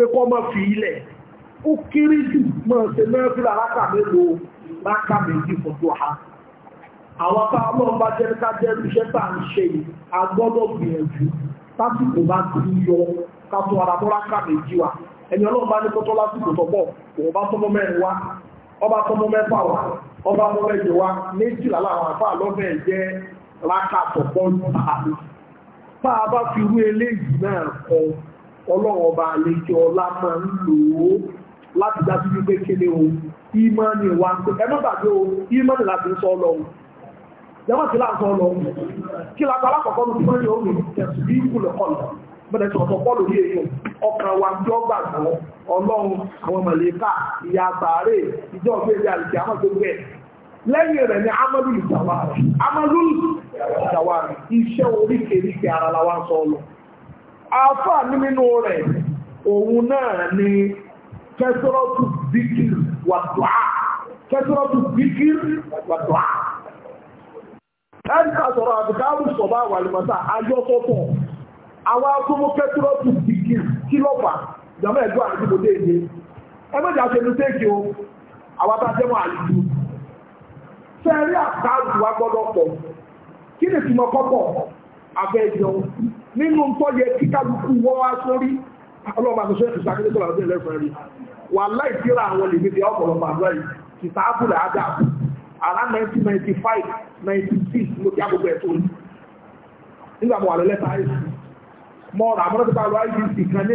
pé kọ́ mọ́ fi ilẹ̀ ó kéré jù mọ́ ṣe mẹ́fìlà rákà mélòó rákà méjì fọ́tò ha àwọn tá a lọ́ọ́ bá jẹ́ ká jẹ́ iṣẹ́ tá à ń ṣe yìí a gbọ́dọ̀ gbìyànjú lásìkò bá ti yọ ká tó ara mọ́ rákà méjì wa ẹni ọlọ́run bá ní kọ́tọ́ lásìkò tọ́pọ̀ òun bá tọ́mọ mẹ́rin wá ọba tọ́mọ mẹ́fà wá ọba tọ́mọ mẹ́jọ wá méjìlá láwọn àfà lọ́fẹ̀ẹ́ jẹ́ rákà tọ̀pọ̀ ní àná tá a ọlọ́run ọba àlejò ọlá máa ń lò ó láti dájú wípé kéde o ìmọ̀ni wa ń pè ẹnu gbàgbé o ìmọ̀ni láti ń sọ ọlọ́run yàrá kí láǹsọ ọlọ́run kí lápá alákọ̀ọ́kọ́ ló ti mọ́ ní òun tẹ̀sù bí kùlẹ̀ kọlù bẹ̀rẹ̀ tí ọ̀tọ̀ pọ̀ lórí èèyàn ọkàn wa jọ gbàgbọ́ ọlọ́run àwọn mọ̀lẹ́kà ìyá àtàrẹ ìjọ ọ̀gbẹ́rẹ́ àlùkí àmọ́ tó gbẹ̀ lẹ́yìn rẹ̀ ni amadu ìjàwárì amadu ìjàwárì iṣẹ́ oríkèéríkèé ara la wá ń sọ ọlọ́run afọ ní nínú rẹ̀ òun náà ni kẹsọ́rọ́tù díkìr wà dùá kẹsọ́rọ́tù díkìr wà dùá ẹnìkan sọ̀rọ̀ àbùkárù sọ̀bá wà lùmọ̀tà ayọ́sọ́tọ̀ àwọn akúmú kẹsọ́rọ́tù díkìr kílọ̀pà jàmọ́ ẹ̀gbọ́n àti ìbòdó o nínú tó yẹ kí kálukú wọ́n wá sórí ọlọ́mọ àtúnṣe ti sàkéjì sọ́lá ọdún ẹlẹ́fẹ̀ẹ́ rí wà láì tíra àwọn lèmi ti ọ̀pọ̀lọpọ̀ àdúrà 1995 96 ló ti àgbègbè ẹ̀tọ́ yìí nígbà mo wà lẹ́lẹ́ta àìsí mo rà mọ́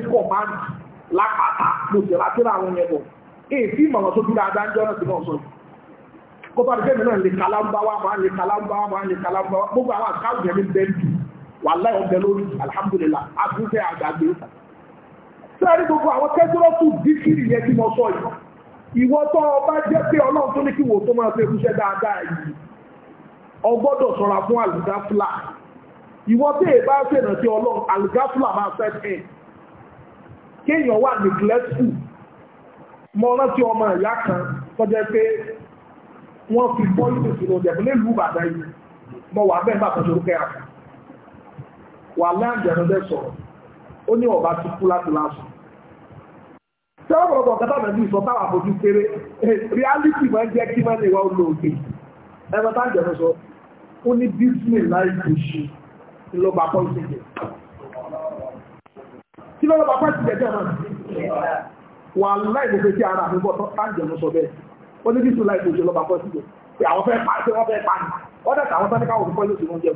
command lápáta mo sì rà tíra àwọn yẹn bọ̀ èyí tí màmá tó dúró adájọ́ náà ti náà sọ kótó àdìgbẹ́mi náà lè kalámbáwá máa lè kalámbáwá máa lè kalámbáwá gbogbo àwọn àkáwù yẹn ní bẹ́ẹ̀ wàhálà ọ̀bẹ lórí alhamdulillah àtúnṣe àgbàgbé. sẹ́ẹ̀rí gbogbo àwọn kẹ́sìrọ́tù díkìrì yẹn tí mo sọ yìí ìwọ tó o bá jẹ́ pé ọlọ́run tó ní kí wò tó máa fẹ́ irúṣẹ́ dáadáa yìí o gbọ́dọ̀ sọ̀ra fún àlùgáfúlà ìwọ tó èbá fèrè tí ọlọ́run àlùgáfúlà máa fẹ́ ẹ̀ kéèyàn wà neglectful mo rántí ọmọ ìyá kan tó jẹ́ pé wọ́n fi bọ́ ìdòsí lọ jẹ̀bú nílùú bàdá yìí mo wà bẹ́ẹ̀ bá kan ṣorúkẹ́ àpò wà láàjẹ̀nu bẹ́ẹ̀ sọ̀rọ̀ ó ní ọba ti kú láti láṣù. sẹ́wọ́n ọ̀pọ̀lọpọ̀ kẹta nàbí ìsọ táwọn àfojú kéré eh, reality máa ń jẹ́ kí máa ń wá olóògbé ẹ̀rọ táàjẹ̀nu sọ ó ní bísímì láì kò ṣe ìlọ́ba pọ́ìsì jẹ. kí ló lọ́ba pọ́ìsì jẹ jẹ́ náà? wà láì mo fẹ́ kí ara mi bọ́ táàjẹ̀nu sọ bẹ́ẹ̀ ó ní bísímì láì kò ṣe ìlọ́ba pọ́ìsì jẹ àwọn fẹ́ pa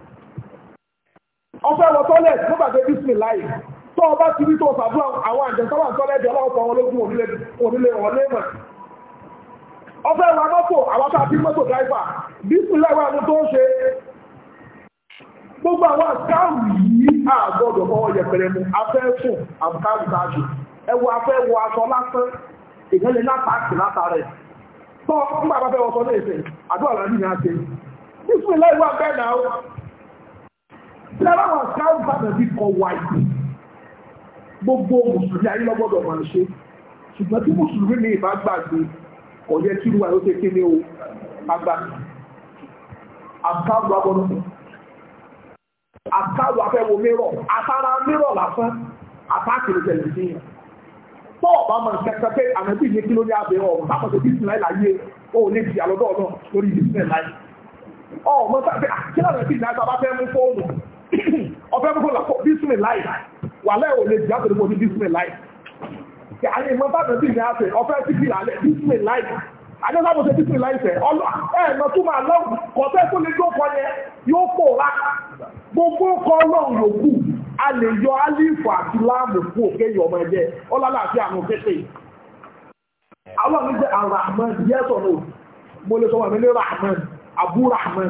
ọfẹ́ wọ tọ́lẹ̀tì ló bàgbé bísí láì ọba ti rí tó sàdúrà àwọn àjẹsáwà tọ́lẹ̀tì ọlọ́pàá wọn lógún onílé ọ̀lẹ́mọ̀ ọfẹ́ wà moto àwọn àti mọ́tò dáìfà bísí láì ní tó ń ṣe gbogbo àwọn àkáàrù yìí àgbọ̀dọ̀ fọwọ́ yẹpẹrẹ mu afẹ́ ẹwọ afẹ́ wọ aṣọ lásán sọ ní àdúrà ní lára àwọn káńtà nàbí kọ wáyé gbogbo mùsùlùmí ayé lọ́gbọ́dọ̀ máa ṣe ṣùgbọ́n tí mùsùlùmí ní ìbá gbàgbé kò yẹ kí wà ó ṣe kí ní o agbára àkáwà gbọ́dọ̀ àkáwà fẹ́wọ̀ mírọ̀ àtàrà mírọ̀ lásán àtàkìrì tẹ̀lé sí yẹn tọ́ ọ̀bá máa ń kẹ́kẹ́ pé àmẹ́bí ìyẹn kí ló ní abẹ́ ọ̀rọ̀ tápọ̀tẹ̀ bí sinai láyé ó ní ti àlọ́dọ̀ náà lórí ìdí sinai láyé ọ̀ọ́ mọ́ta pé àkílà rẹ̀ sì ní ọ̀fẹ́ fífọ́ làkọ́ bísímì láì wà lẹ́wọ̀ lè jà pẹ̀lú ní bísímì láì àyè ìmọ̀ bá bẹ̀rẹ̀ bí ní àfẹ́ ọ̀fẹ́ sí kí lálẹ́ bísímì láì àjọsábò ṣe bísímì láì fẹ́ ẹ̀ẹ̀nà tó máa lọ kọ̀ọ̀fẹ́ tó lè jókòó yẹn yóò pòórá gbogbo kọ́ lọ́run yòókù a lè yọ alifu àti láàmù fún òkè yọ ọmọ ẹgbẹ́ ọlọ́láàfíà àwọn pépè àwọn mi jẹ́ àràmán yẹ́sọ̀ náà mo lè sọ wà mí ní ràmán àbú ràmán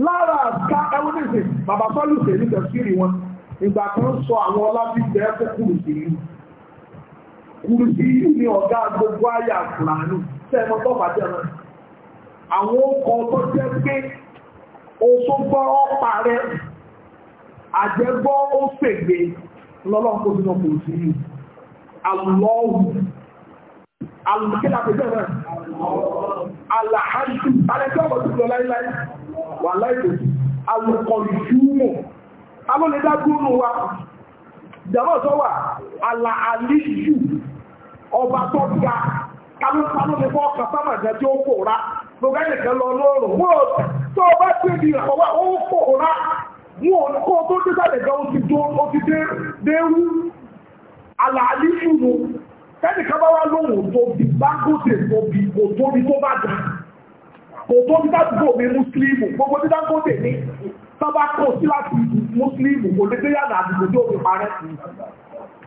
lára àgbá ẹwọ́nìsì bàbá sọ́lù sèrí tẹ̀síìrì wọn ìgbà kan sọ àwọn ọlábí bẹ́ẹ̀ fún kùrùsì yìí kùrùsì yìí ni ọ̀gá gbogbo àyà fúlàní sẹ́ẹ̀mọ́ tó bàjẹ́ náà àwọn ọkọ̀ tó jẹ́ pé oṣù gbọ́ ọ̀pá rẹ̀ àjẹgbọ́ ó fègbè lọ́lọ́kọ́ sínú kùrùsì yìí àlọ́wù àlùkẹ́lá pẹ̀lú ẹ̀rọ àlàájú alẹ́jọ́ ọ̀pọ̀ wà láìpẹ̀sì alùkọ̀ ìṣúmọ̀ alólédágúnú wa jẹ́mọ́ tó wà àlà àlíṣù ọba tó ga kálùkálù ní fọ́ kàtàmà jẹ́ tí ó pòórá gbogbo ẹnìkan lọ lóòrùn mú ò tó bá tẹ́bi ìrànwọ́ ó pòórá mú ò kó tó dé sálẹ̀ tó ó kò tóbi tó bá dùn kò tó bí dádúgbò mi mùsùlùmù gbogbo bí Dangote ní sábà kò sí láti mùsùlùmù kò lè déyà náà àdìgbò tí ó fi parẹ́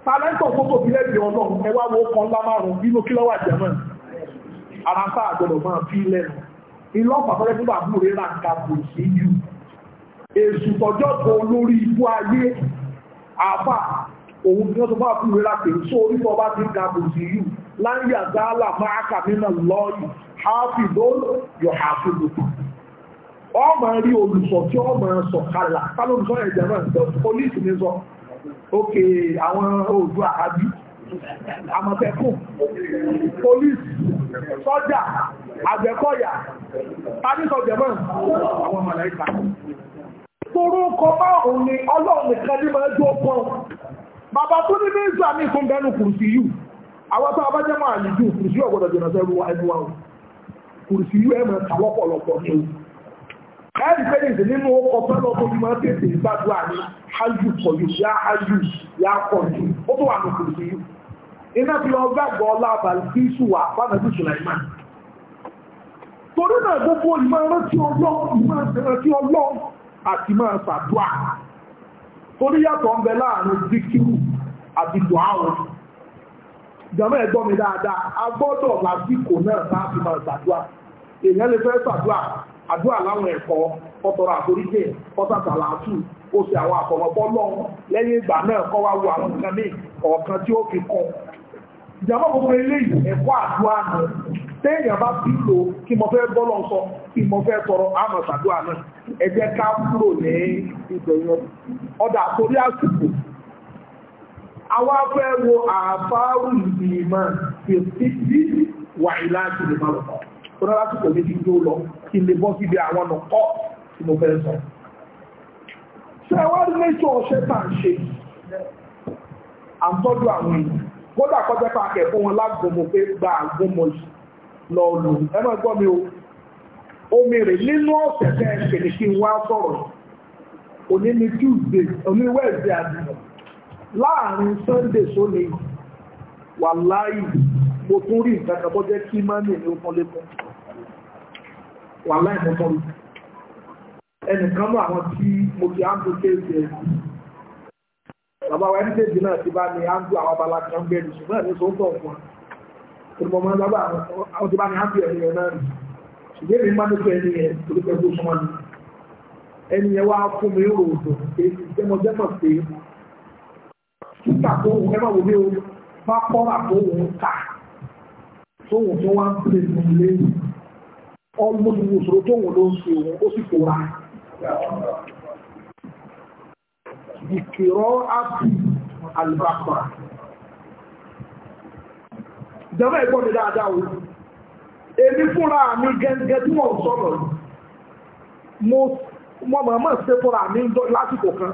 tàlẹ́ntọ̀ gbogbo bí lẹ́bi ọlọ́run ẹ wá wo kan lá márùn nínú kílọ́wà jẹ́mọ̀ ara ń sáà gbọdọ̀ máa fi lẹ́nu ilé ọ̀pá fẹ́rẹ́ fún bàbú rẹ̀ rà ká kò sí jù èsù tọjọ́ kan lórí ibú ayé àfà òun ni wọ́n tó bá fún rẹ̀ rà pé sóorí tó bá ti ń ga kò sí jù láńyà dáálà máa kà nínà lọ́ọ̀yì háàfìdó yọ háàfìdó ọmọ rí olùsọ tí ọmọ sọ kálà kálọ olùsọ ẹ̀jẹ̀ náà polisi ní sọ òkè àwọn òdu àhábí àmọ̀tẹ́kùn polisi sọ́jà àgbẹ̀kọ̀yà tánísọ̀jẹ̀ náà àwọn mọ̀lẹ́kà toró kọ márùn-ún ni ọlọ́run nìkan ní máa jó pọ́n bàbá tó ní ní ìsàmì fún bẹ́nu kùrùsì yìí àwọn tó abájẹ́ máa lè jù kùrùsí ọ̀gbọ̀dọ̀ jẹ́ náà ẹrù ẹnu wa kùrùsí yóò ẹ̀mọ̀ tàlọ́pọ̀lọpọ̀ ní ewu káàdì pẹ́yìntì nínú ọkọ̀ lọ tó fi máa tètè gbàdúrà ní ájú pọ̀jù yá ájú yá pọ̀ jù ó tó wà ní kùrùsí yìí iná fi lọ gbàgbọ́ lába sí ìṣùwà fánàbí Sulaiman torí náà gbogbo ìmọ̀ rántí ọlọ́ àti máa ṣàdúà torí yàtọ̀ ń bẹ láàrin díkírù àti dùn áwọn jàmọ́ ẹ̀gbọ́n mi dáadáa a lásìkò náà bá fi máa gbàdúrà èèyàn lè fẹ́ gbàdúrà àdúrà láwọn ẹ̀kọ́ ọtọrọ àforíjì ọtàtàlà àtù ó ṣe àwọn àkọlọpọ̀ lọ́wọ́ lẹ́yìn ìgbà náà kọ́ wá wo àwọn nǹkan míì ọ̀kan tí ó fi gbogbo eléyìí ẹ̀kọ́ àdúrà náà téèyàn bá bí kí mo sọ kí mo tọrọ ṣàdúrà náà ẹ jẹ́ ká kúrò ní ìgbẹ̀yìn àwọn afẹ́ wo àfáàrù ìdí ìmọ̀ fèsì bí wà ìlàjì lè má lọ́kọ̀ tó dára tó kò ní ti tó lọ kí lè bọ́ síbi àwọn ọ̀nàkọ́ tí mo fẹ́ sọ. ṣé wá rí lẹ́jọ́ ọ̀ṣẹ́ tà ń ṣe à ń tọ́jú àwọn èèyàn kódà kọjá pa akẹ́kọ̀ọ́ wọn lágbòmò pé gba àgbòmò yìí lọ lò ẹ máa gbọ́ mi o omi rè nínú ọ̀sẹ̀ tẹ́ ẹ pè ní kí n wá sọ̀rọ̀ òní ni Tuesday òní Wednesday àdìyàn láàrin sunday sóni wà láì mo tún rí ìtàkà tó jẹ́ kí máa nìyàn ó wà láì mo ẹnìkan mọ́ àwọn tí mo ti áńdù kéèké bàbá wa ní tèèdì náà ti bá ní áńdù àwọn abala kan bẹ́ẹ̀ ṣùgbọ́n ẹ̀mí tó ń tọ̀ fún wa olùmọ̀ máa ń bá àwọn tí bá ní náà rí ṣùgbọ́n èmi máa títà tó wù ẹ bá wò lé o bá kọ́ra tó wù ń kà tó wù tó wá ń pè mí lé ọlọ́dún ìṣòro tó wù ló ń ṣe òun ó sì kóra. ìkìrọ̀ àti àlùbákà ìjọba ẹ̀gbọ́n mi dáadáa o èmi fúnra mi gẹ́gẹ́ tí mo sọ̀rọ̀ mo mọ̀ mọ̀ ṣe fúnra mi lásìkò kan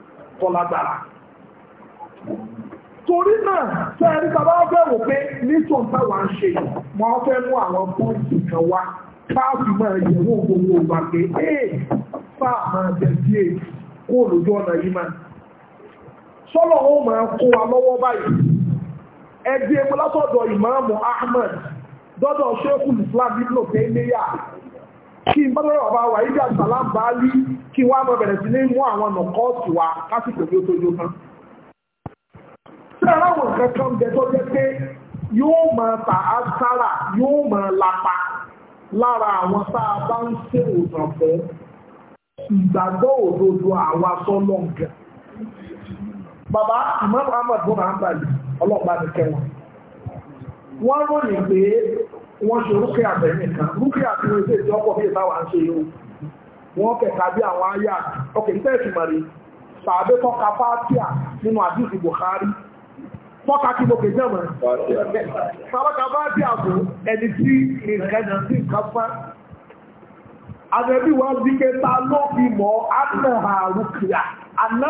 tó lágbára torí náà tẹ́ ẹni bàbá wọn fẹ́ wò pé nítorí táwa ń ṣe wọn fẹ́ mú àwọn pọ́ǹtì kan wá káàfì máa yẹ̀wò gbogbo ìgbà pé ee fáà máa jẹ sí èyí kó lójú ọ̀nà yìí máa sọ́lọ̀ ó máa kó wa lọ́wọ́ báyìí ẹgbẹ́ epo látọ̀dọ̀ ìmáàmù Ahmed dọ́dọ̀ ṣẹ́kù Islam bíbélò tẹ́lẹ́yà kí n bá lọ́rọ̀ ọba wa ìjà sàlám bá lí kí wọ́n á mọ bẹ̀rẹ̀ sí ní mú àwọn nọ̀kọ́ọ̀tì wa lásìkò bí ó tó yóò tán. Sẹ́rẹ̀ àwọn nǹkan kan bẹ tó jẹ́ pé yóò máa ta àsálà yóò máa lapa lára àwọn tá a bá ń ṣe òsàn fẹ́ ìgbàgbọ́ òdodo àwa sọ́lọ́ǹkà. Bàbá Imam Ahmad bọ́nà Ambali ọlọ́pàá nìkẹ́ wọn wọ́n ròyìn pé wọ́n ṣe rúkẹ́ àbẹ̀ nìkan rúkẹ́ àti wọ́n ṣe ìjọpọ̀ bí ìbáwà ń ṣe yóò wọ́n kẹ̀ka bí àwọn ayá ọkẹ̀ ìfẹ́ ìṣùmọ̀rí sàbẹ́ tọ́ka fátíà nínú àdìsí Bukhari tọ́ka kí mo kèjẹ́ mọ̀ sàbẹ́ka fátíà fún ẹni tí nìkan sí nǹkan fún àgbẹ̀bí wọn bí kẹta ló fi mọ́ àná àrùkìyà àná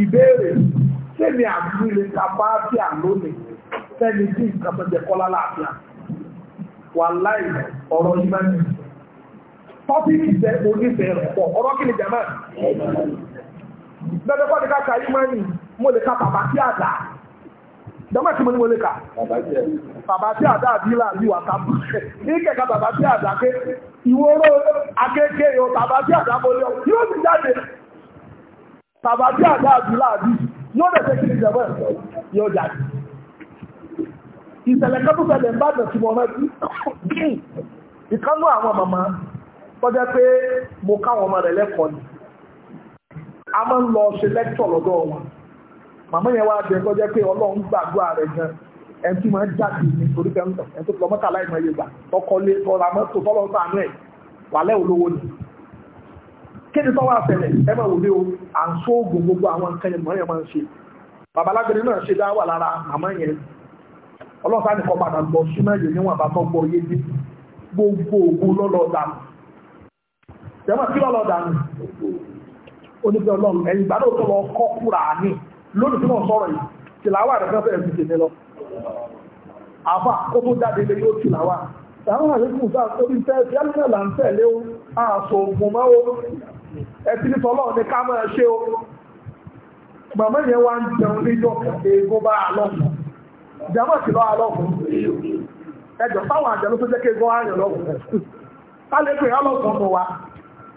ìbéèrè sẹ́ni àbúrú ilé tàbá bí àlónìí sẹ́ni tí nǹkan tó jẹ láàbíà wà láì yìí máa ń tọ́pìkì jẹ kí ni jàmá bẹ́ẹ̀ kọ́ ni ká ka yìí máa ń mo lè ka bàbá àdá mo ní mo ka bàbá tí àdá àbílà ní wàtá ní kẹ̀kẹ́ bàbá tí àdá ké ìwòrò akéké yóò bàbá àdá mo lè yóò tàbátí àti àdúláàbí yóò dẹ̀ṣẹ́ kí ní ìjọba yóò jáde ìṣẹ̀lẹ̀ kẹ́tùsẹ̀lẹ̀ ń bá dẹ̀ tí mo rántí ìkánú àwọn màmá tó jẹ́ pé mo káwọn ọmọ rẹ̀ lẹ́kọ̀ọ́ ni a máa ń lọ ṣe lẹ́kṣọ̀ lọ́dọ̀ wọn màmá yẹn wá jẹ́ tó jẹ́ pé ọlọ́run gbàdúrà rẹ̀ gan ẹni tí máa ń jáde ní torí pé ẹni tó lọ mọ́tà láì mọ iye gbà tọkọlé tọ́ra mọ́tò tọ́lọ́ sàánú ẹ̀ wàlẹ́ olówó ni kéde tọ́wọ́ àfẹ́lẹ̀ ẹ máa wòlé o à ń só oògùn gbogbo àwọn nǹkan yẹn mọ̀ọ́yàn máa ń ṣe babalágbèrè náà ṣe dáwà lára màmá yẹn ọlọ́sàn nìkan padà lọ súnmọ́ yìí níwọ̀n bá tọ́ gbọ́ yé dé gbogbo oògùn lọ́lọ́ dànù jẹ́mọ̀ kí lọ́lọ́ dànù onífẹ́ ọlọ́run ẹ̀yìn ìgbà náà tó lọ kọ́ kúrà ní lónìí tí wọ́n sọ̀rọ̀ yìí tìlàwà rẹ̀ fẹ́fẹ́ ẹ̀sìn tèmi lọ àfà kó tó jáde lé yóò tìlàwà àwọn àlékún sáà tó bí fẹ́ẹ́ fẹ́ẹ́ là ń tẹ̀lé o àṣọ ògùn mọ́ o ẹ̀sìn tọ́lọ́ ní ká máa o màmá yẹn wá ń jẹun níjọ́ èègùn bá àlọ́kùn jẹ́mọ̀ sí lọ́ àlọ́kùn ẹjọ́ táwọn àjẹ́lú tó jẹ́ kí egun ààyàn lọ́kùn ká lè pè wa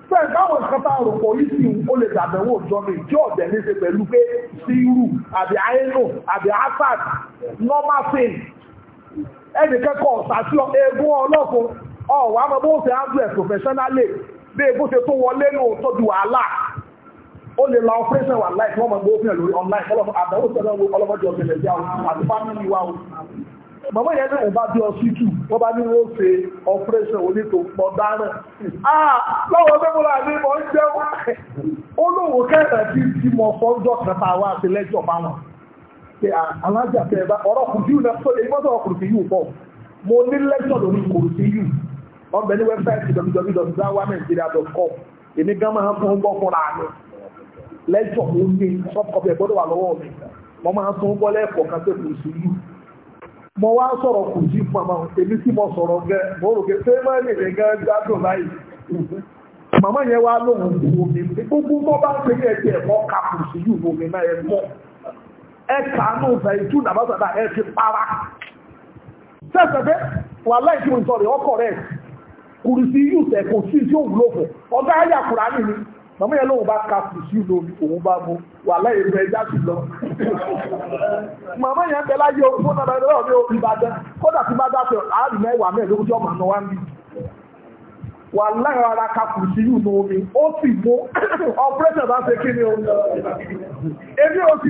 fẹ́ẹ̀ báwọn nǹkan tá rò pọ̀ yìí sí ó lè dàbẹ̀wò jọ mi tí ọ̀dẹ̀ ní ṣe pẹ̀lú pé àbí àínú àbí asad normal thing ẹnì kẹ́kọ̀ọ́ sàṣọ ọ̀wà mọ́ bó ṣe bẹ́ẹ̀ bó ṣe tó wọlé nù tó di wàhálà ó lè la operation wà láì tí wọ́n mọ̀ gbé òfin lórí online ọlọ́mọ àbẹ̀wò sọ́dọ̀ ọlọ́mọdé ọ̀gbìn lẹ̀ yàwó àti fámìlì wa o màmá yẹn ní ọba bí ọsítù wọ́n bá ní wọ́n ṣe operation onítò pọ̀ dáràn ah lọ́wọ́ mẹ́mọ́lá ní mọ̀ ń jẹun olówó kẹrẹ̀ tí tí mọ̀ fọ́njọ́ kẹta wá sí lẹ́jọ́ bá wọn pé alájà tẹ̀ bá ọ̀rọ̀ kùdíù náà sọ èyí mọ́tò ọkùnrin sí yìí pọ̀ mo ní lẹ́jọ́ lórí kùdíù ọbẹ ní wẹbsáìtì www.zawanigeria.com èmi gan máa fún gbọ́ fúnra mi lẹ́jọ̀ mi ń sọ́kọ̀bẹ̀ gbọ́dọ̀ wà lọ́wọ́ mi mo máa tún gbọ́ lẹ́ẹ̀kọ̀ kan pé kò sí yìí mo wá sọ̀rọ̀ kò sí fún ọmọ èmi tí mo sọ̀rọ̀ gẹ mo rò pé fẹ́ẹ́ máa ń rìn gan gbádùn báyìí màmá yẹn wá lóhùn ka sí yìí náà kùrù sí yùtẹ̀ kò sí isi òun ọgá àyà kùránì ni màmá yẹn lóun bá ka kùrù sí òun bá mu wà láyé ìlú ẹja sí lọ. yẹn bẹ láyé o fún ọ̀nà òbí bá dẹ kódà tí bá dáfẹ́ àárín mẹ́wàá ọmọ àná wá ń wà láyé ara ka ó sì mú bá ṣe kí ni o. èmi ò sì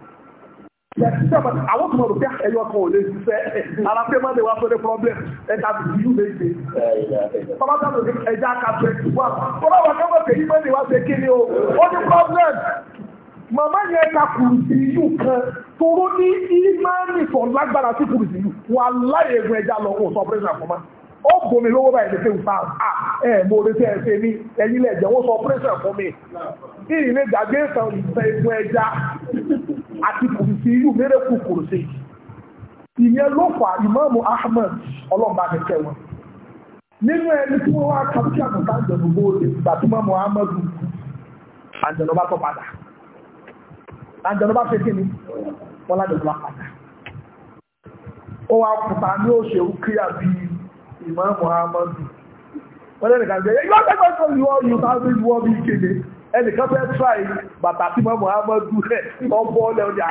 àwọn tó mọ̀ rò pé ẹyọ kan ò lè ṣiṣẹ́ ara pé máa lè wá sórí problem ẹja bìbí yóò lè ṣe. bàbá sábà lè ẹja kàtẹ́ wà bàbá wà kẹ́kọ̀ọ́ pé yí máa lè wá ṣe kí ni o ó ní problem. màmá yẹn ta kùrùsì yù kan toró ní ìmánì tó lágbára sí kùrùsì yù wà láyé egun ẹja lọ kó sọ pírẹsìdà fún ma ó bomi lówó báyìí lè fi wùfà à ẹ mo rí sí ẹsẹ mi ẹyin lẹjẹ wọn sọ pírẹsìdà fún mi ìrìn lè dàgbé ìtàn ìtàn egun ẹja àti kùrùsí irú mẹ́rẹ̀ kù kùrùsí ìyẹn ló fà ìmáàmù Ahmed ọlọ́ọ̀bá mi kẹwọn nínú ẹni tí wọ́n wá kàbíkì àkùnkà àjẹ̀dùgbò rẹ̀ ìgbà tí mọ́mù Ahmed àjẹ̀dùbá tó padà àjẹ̀dùbá fẹ́ kí ni wọ́n lájẹ̀dùbá padà ó wá kùtà ní òṣèlú kíyà bí ìmáàmù Ahmed wọ́n lẹ́nu kàbíkì ẹ̀yọ́ ẹnìkan fẹ́ tíráì bàtà tí mọ́ muhammadu rẹ̀ ọgbọ́ ọlẹ́ ọjà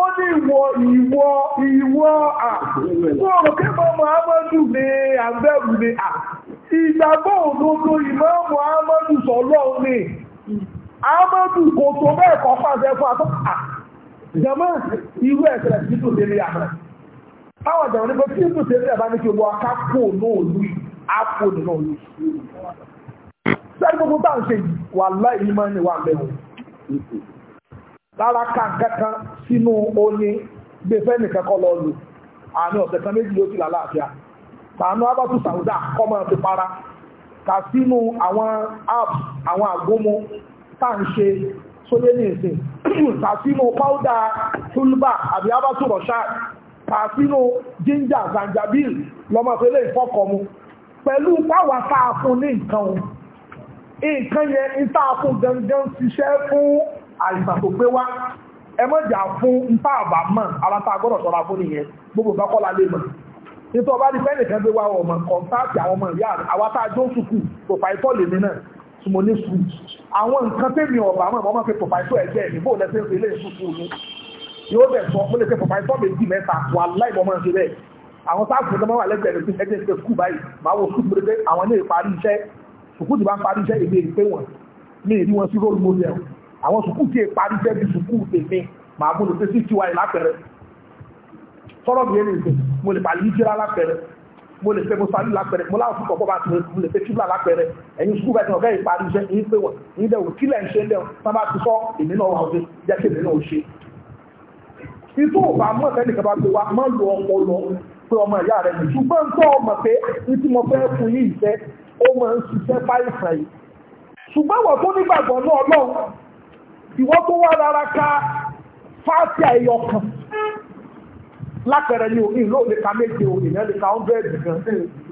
ó ní ìwọ ìwọ ìwọ àwọn òkèkọ́ muhammadu ní àbẹ́rù ní à ìgbàgbọ́ òdodo ìmọ̀ muhammadu sọ̀lọ́ ní amadu kò tó bẹ́ẹ̀ kọ́ pàṣẹ fún àtọ́ jẹ́mọ́ irú ẹ̀sẹ̀ títù délé àmọ́ àwọn jẹ́mọ́ ní pé títù délé àbá ní kí wọ́n akápò náà lù àpò nínú lù sẹ́ni gbogbo tá à ń ṣe yìí wà láì máa ní wà mẹ́wọ̀n rárá ká kankan sínú oyin gbèfẹ́ nìkan kọ́ lọ lò àmì ọ̀sẹ̀ kan méjì ló ti là láàfíà tàánú abátú sàúdà kọ́mọ ti para kà sínú àwọn apps àwọn àgbómo tá à ń ṣe sóyé ní ìsìn *clears throat* kà sínú pàwùdà tulba àbí abátú rọ̀ṣáàd kà sínú ginger zanjabil lọ́mọ pẹ̀lú ìfọ́kọ̀mu pẹ̀lú pàwọ́ tá a fún ní nǹkan o nǹkan yẹn ìta fún gangan ṣiṣẹ́ fún àìsàn tó pé wá ẹ mọ́ jà fún ìta àbá mọ̀ ara tá a gbọ́dọ̀ sọ́ra fún nìyẹn gbogbo bá kọ́lá lè mọ̀ nítorí ọba ní fẹ́ẹ̀lì kan gbé wá ọmọ kọ̀ǹtáàtì àwọn ọmọ ìyá àwa tá a jọ ń sùkú pòfàìtọ́ lèmi náà tí mo ní sùn àwọn nǹkan tẹ́mi ọ̀bà mọ̀ ọmọ fi pòfàìtọ́ ẹgbẹ́ ìbò lẹ́sẹ̀ ń fi ilé ìsúkú mi yóò bẹ̀ sọ mo lè fẹ́ pòfàìtọ́ méjì mẹ́ta wà láì mọ́ máa ń ṣe bẹ́ẹ̀ àwọn sáàfù tó máa wà lẹ́gbẹ̀ẹ́ rẹ̀ ẹgbẹ́ ìṣẹ́ skul báyìí máa wo skul pérépé àwọn ní ìparí iṣẹ́ sùkúù ti bá ń parí iṣẹ́ èmi èrí pé wọ́n mi èrí wọn sí role model àwọn sùkúù tí è parí iṣẹ́ bí sùkúù tèmi màá bó ló pé sí tiwa yìí lápẹ̀rẹ̀ sọ́rọ̀ mi èrí pé mo lè pàlì ìjìra lápẹ̀rẹ̀ mo lè pé mo sáré lápẹ̀rẹ̀ mo láwọn sùkọ̀ bọ́ba mo lè pé kíbla lápẹ̀rẹ̀ ẹ̀yin sùkúù bẹ́ẹ̀ ọ̀gá ìparí iṣẹ́ èyí pé wọ́n èyí dẹ̀ wò kílẹ̀ ń ṣe ń dẹ̀ wọ́n bá ti sọ èmi náà wà ó jẹ́ kí èmi náà ó ṣe ìtò ọba mọ́ ẹ̀fẹ́ nìkan bá ti wá mọ́ lọ ọpọlọ pé ọmọ ìyá rẹ̀ ṣùgbọ́n tó ọmọ pé ní tí mo fẹ́ fún yí ìfẹ́ ó máa ń ṣiṣẹ́ fáìsàn yìí ṣùgbọ́n wọ́n tó nígbàgbọ́ náà lọ́wọ́ ìwọ́n tó wá rárá ká fáàtì ẹ̀yọ kan lápẹẹrẹ ní òní ló lè ka méje òní náà lè ka ọ́ndẹ́ẹ̀dì kan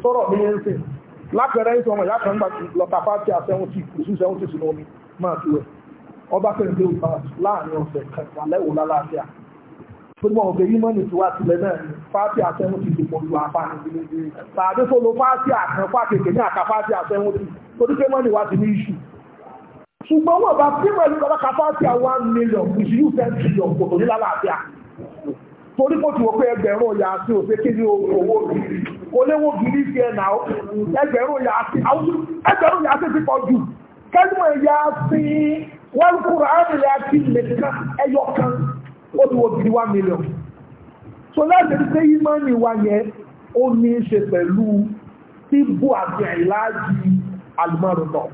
sọ̀rọ̀ ní yẹn sìn lápẹẹrẹ ní sọmọ ìyá kan lọ́ta fáàtì àsẹ́wọ̀ntì kùsù sẹ́wọ̀ntì sínú omi máa tu ẹ̀ ọba fẹ́ǹdé òkà láàrin ọ̀sẹ̀ kan wà lẹ́wọ̀ lálàáfíà torí wọn òfin yímọ́ ní tiwa tilẹ̀ náà ni fáàtì àtẹ́wọ́n ti dìbò lu àbáni tàbí tó lo fáàtì àkàn pàkèké ní àkà fáàtì àtẹ́wọ́n ti torí pé mọ́ni wa ti ní iṣu ṣùgbọ́n wọn bá pín pẹ̀lú kọ́lá ka fáàtì àwọn mílíọ̀n kùsì yóò fẹ́ mílíọ̀n kò tó ní lálàáfíà torí kò tí wọ́n pé ẹgbẹ̀rún ọ̀yà àti òfin kí ni owó gírí kò léwó gírí fi ẹ̀nà ẹgbẹ̀rún ọ̀yà àti ti pọ̀ jù kẹ́lùmọ̀ ti lè ó ti wo gidi one million so láti rí pé ìmọ̀ọ́nì wa yẹn ó ní í ṣe pẹ̀lú bíbú àti àìláàjì àlùmọ́ọ̀rù náà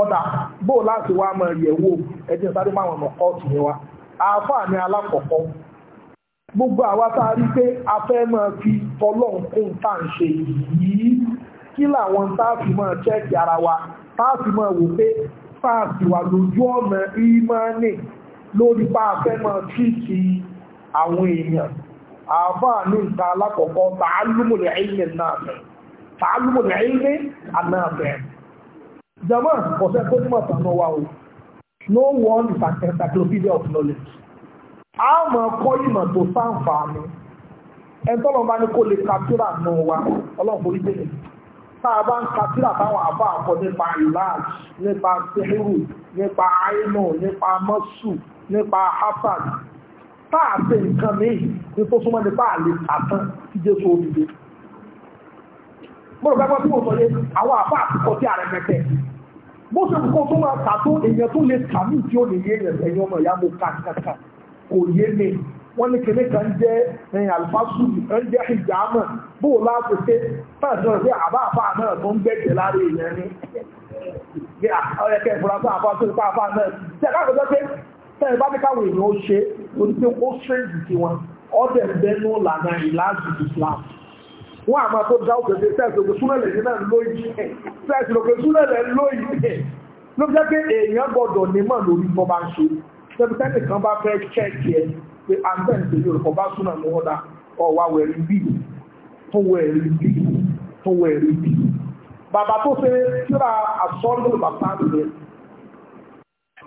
ọ̀dà bó láti wá máa yẹ̀ wò ẹ̀jẹ̀ sáré máa wọ̀nà kóòtù yẹn wa àáfàá ní alákọ̀ọ́kọ́ gbogbo àwa tá a rí pé a fẹ́ máa fi tọlọ́hún kún tá à ń ṣe yìí kí làwọn tá máa chẹ́ẹ̀kì ara wa tá a fi máa wò pé fáàsì wà lójú ọ̀nà ìmọ̀ọ́nì lórí bá a fẹ́ máa tríìtì àwọn èèyàn àáfàá ní ìta alákọ̀ọ́kọ́ tààlùmùlẹ̀ ẹ̀yìn náà fẹ́ tààlùmùlẹ̀ ẹ̀yìn náà fẹ́ jama ọ̀sẹ̀ tó ní mọ̀tàn náà wà o no one is an encyclopedia of knowledge a máa kọ́ ìmọ̀ tó sáǹfààní ẹ̀ńtọ́lọ́ bá ní kó lè kàtúrà náà wá ọlọ́run forí bẹ́ẹ̀ tá a bá ń kàtúrà táwọn àbá àkọ́ nípa ìlàj nípa sẹ́hìrù nípa àìnà nípa mọ́sù nípa Hassan táà ṣe nǹkan míì ní tó súnmọ́ nípa àlè àtàn tí Jésù òdìdé mọ̀rọ̀ gbẹ́gbẹ́ tí mo sọ yé àwọn àbá àkọ́kọ́ tí ààrẹ mẹ́tẹ̀ bó ṣe kó tó máa kà tó èèyàn tó lè kà mí tí ó lè yé ẹ̀yìn ọmọ ìyá mo kà kàkà kò yé mi wọ́n ní kìnní kan jẹ́ ẹ̀yìn eh, àlùfáàsù ẹ̀yìn jẹ́ ìjàmọ̀ bó o láti ṣe náà sọ̀rọ̀ sí àbá àbá náà tó ń gbẹ̀jẹ̀ lára èèyàn ni ọ̀yẹ̀kẹ́ ìfúrasọ́ àbá tó ń pa àbá náà tẹ́lẹ̀ bá ní káwọn èèyàn ó ṣe torí pé ó ṣèǹdì sí wọn ọdẹ bẹnu lànà ìlàjì Islam wọn àmà tó dá òkè sí sẹ́ẹ̀sì òkè súnlẹ̀ yìí náà lóyìí sẹ́ẹ̀sì òkè súnlẹ̀ lóyìí ló jẹ́ pé èèyàn gbọ́dọ̀ nímọ̀ lórí tó bá ń ṣe sẹ́pítẹ́nì kan bá fẹ́ ṣẹ́ẹ̀kì ẹ pé àǹtẹ̀ǹtẹ̀ yóò kọ́ bá súnà ní ọ̀dà ọ̀wà wẹ̀rí bí tó wẹ̀rí bí tó wẹ̀rí bí bàbá tó ṣe síra àsọ́nù bàbá rẹ̀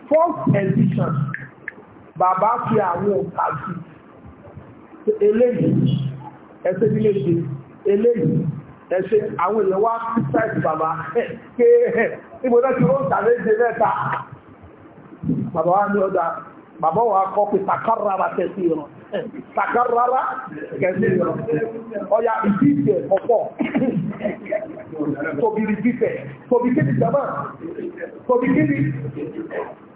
first edition bàbá fi àwọn òǹkà sí eléyìí ẹsẹ̀ nílé ṣe eléyìí ẹsẹ̀ àwọn èèyàn wá sí sáìsì bàbá ké ibo náà ti rọ́ǹkà méje mẹ́ta bàbá wa ní ọjà bàbá wa kọ́ pé takarara kẹsì ìran takarara kẹsì ìran ọya ìdíje ọ̀pọ̀ tóbi ìdíje tóbi kébi jama tóbi kébi.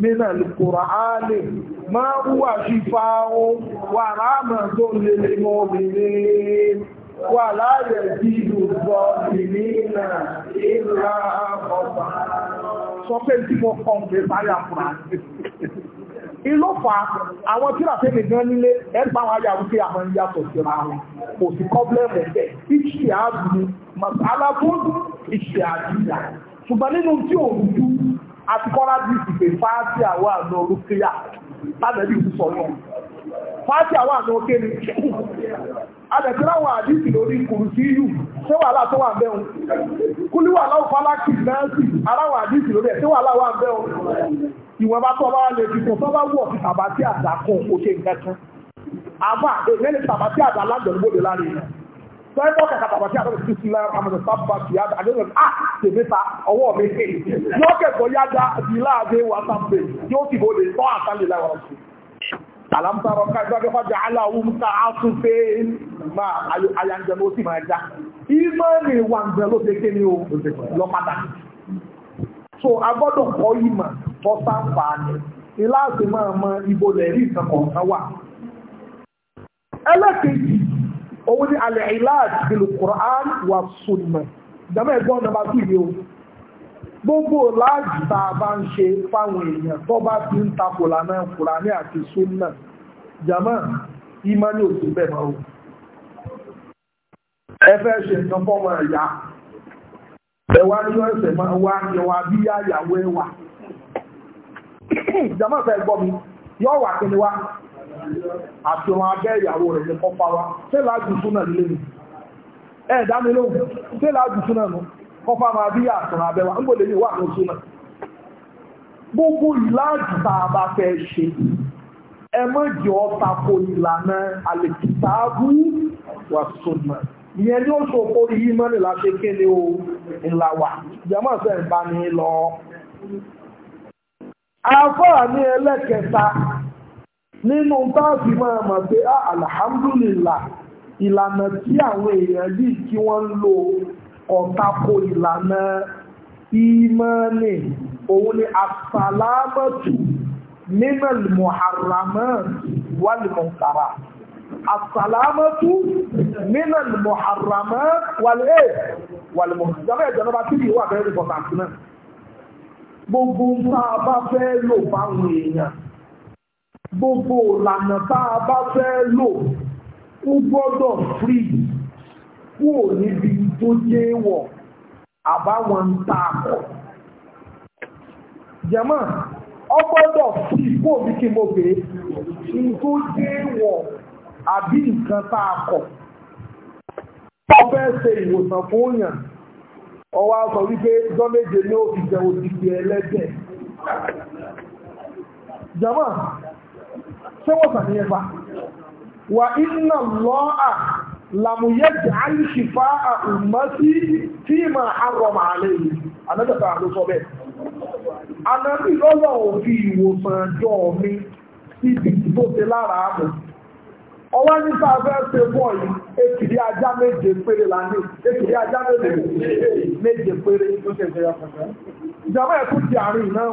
mínà lùkùrọ̀ áàlè máa wúwà fífà ohun wà ráàmà tó lèlè mọ́ obìnrin wà láàrẹ̀ tí ìlúgbọ́ ìrìnà ìlà ọ̀pá sọ pé tí mo kọ́ pé báyà fúra ìlú fa àwọn tíra tẹ́lẹ̀ gan nílé ẹgbà wọn ayà wípé àwọn yàtọ̀ síra wọn kò sí kọ́blẹ́mù bẹ́ẹ̀ ìṣì àdùnnú màtàlá tó ìṣì àdìyà ṣùgbọ́n nínú tí òun dú àti kọ́lá bí ìpè fáàtì àwọn àna orúkíyà lábẹ́bí ìlú sọ náà fáàtì àwọn àna oké ni adẹ̀tí láwọn àdìsí lórí kùrù sí yù ṣé wàhálà tó wà bẹ́ẹ̀ kúlí wà láwọn fálákì náàsì aláwọ̀ àdìsí lórí ẹ̀ ṣé wàhálà wà bẹ́ẹ̀ ìwọ̀n bá tọ́ bá wà lè fìkún tó bá wọ̀ sí tàbátì àdá kan òkè nǹkan kan àbá èèyàn lè tàbátì àdá lájọ̀ nígbòdè láre sọ́yìnbó kàkà tàbá tí a lọ́dọ̀ títí lára amadu sábà tí a dà ní ọ̀nà à tèmi ta ọwọ́ mi ké lọ́kẹ̀kọ̀ yá dá di láàbẹ̀ wà sábẹ̀ yóò ti bò lè tọ́ àtàlẹ̀ láwọn ọ̀sùn. àlàmútarọ̀ ká ìgbà kẹfà jà aláwo ń ta àtúnfẹ́ máa ayànjẹ ló sì máa já ìmọ̀ ni wàǹjẹ ló ṣe ní o lọ pàtàkì. so a gbọ́dọ̀ kọ́ ìmọ̀ tó sáǹfààní ìlà àti máa mọ ibo lẹ́rìí ìtàn kọ̀ọ̀kan wà. ẹlẹ́kẹ̀ẹ́jì òun ni alẹ́ ilaj bílù Qur'an wà sunnah ìjọba ẹ̀gbọ́n nàbà tó yẹ o gbogbo láàjì tá a bá ń ṣe fáwọn èèyàn tó bá ti ń takò lànà Kùránì àti sunnah jama imani òsì bẹ́ẹ̀ máa wò ẹ fẹ́ ṣe nǹkan fọ́mọ ẹ̀yà ẹ̀wà àti wọn abẹ́ ìyàwó rẹ̀ ní kọ́pá wa ṣé láàjù súnà nílé mi ẹ̀ dámi lóhùn ṣé láàjù súnà nù kọ́pá máa bí àtàrà abẹ́ wa ń gbọ́dọ̀ ní ìwà àwọn súnà gbogbo ìlàjù tá a bá fẹ́ ṣe ẹ mọ̀ jẹ́ ọ̀tà kò ìlànà àlèkìtàbù wà súnà ìyẹn ní oṣù òpó yìí mọ́ni láṣẹ kéde o ńlá wà jẹ́mọ́ sẹ́ ń bá ní lọ. àfáà ní ẹlẹ́kẹta nínú táàbì máa mọ̀ pé ah, alhamdulillah ìlànà tí àwọn èèyàn yìí kí wọ́n ń lo ọ̀tako ìlànà ìmọ̀ọ́nì òun ni asalamatu minal muharramat wal munkara asalamatu minal muharramat wal eh wal munkara jọba ìjọba bá tíbi ìwà bẹ́ẹ̀ gbogbo ń bá fẹ́ lò fáwọn èèyàn gbogbo ìlànà tá a bá fẹ́ lò ó gbọ́dọ̀ frí kúrò níbi tó jẹ́ wọ̀ àbáwọn ń ta àkọ́. jẹ́mọ́ ọ gbọ́dọ̀ frí kúrò bí kí mo pè é n tó jẹ́ wọ̀ àbí nǹkan tá a kọ̀. ọ fẹ́ ṣe ìwòsàn fún yàn ọwọ́ sọ wípé dọ́méje ni ó fi jẹun ti di ẹlẹ́dẹ̀. ṣé wọ́n sàn ní ẹ̀fà wà iná lọ́à làmúyẹ́jì àìṣìfà àmọ́sí tí mà á rọ̀ lè rí anájọ́ta ló sọ bẹ́ẹ̀ anábì lọ́lọ́ òfin ìwòsàn ẹjọ́ mi síbi tó ṣe lára àmọ́ ọwọ́ ní sáà ṣe bọ́ yìí ekìrí ajá méje péré la ní ajá méje ti àárín náà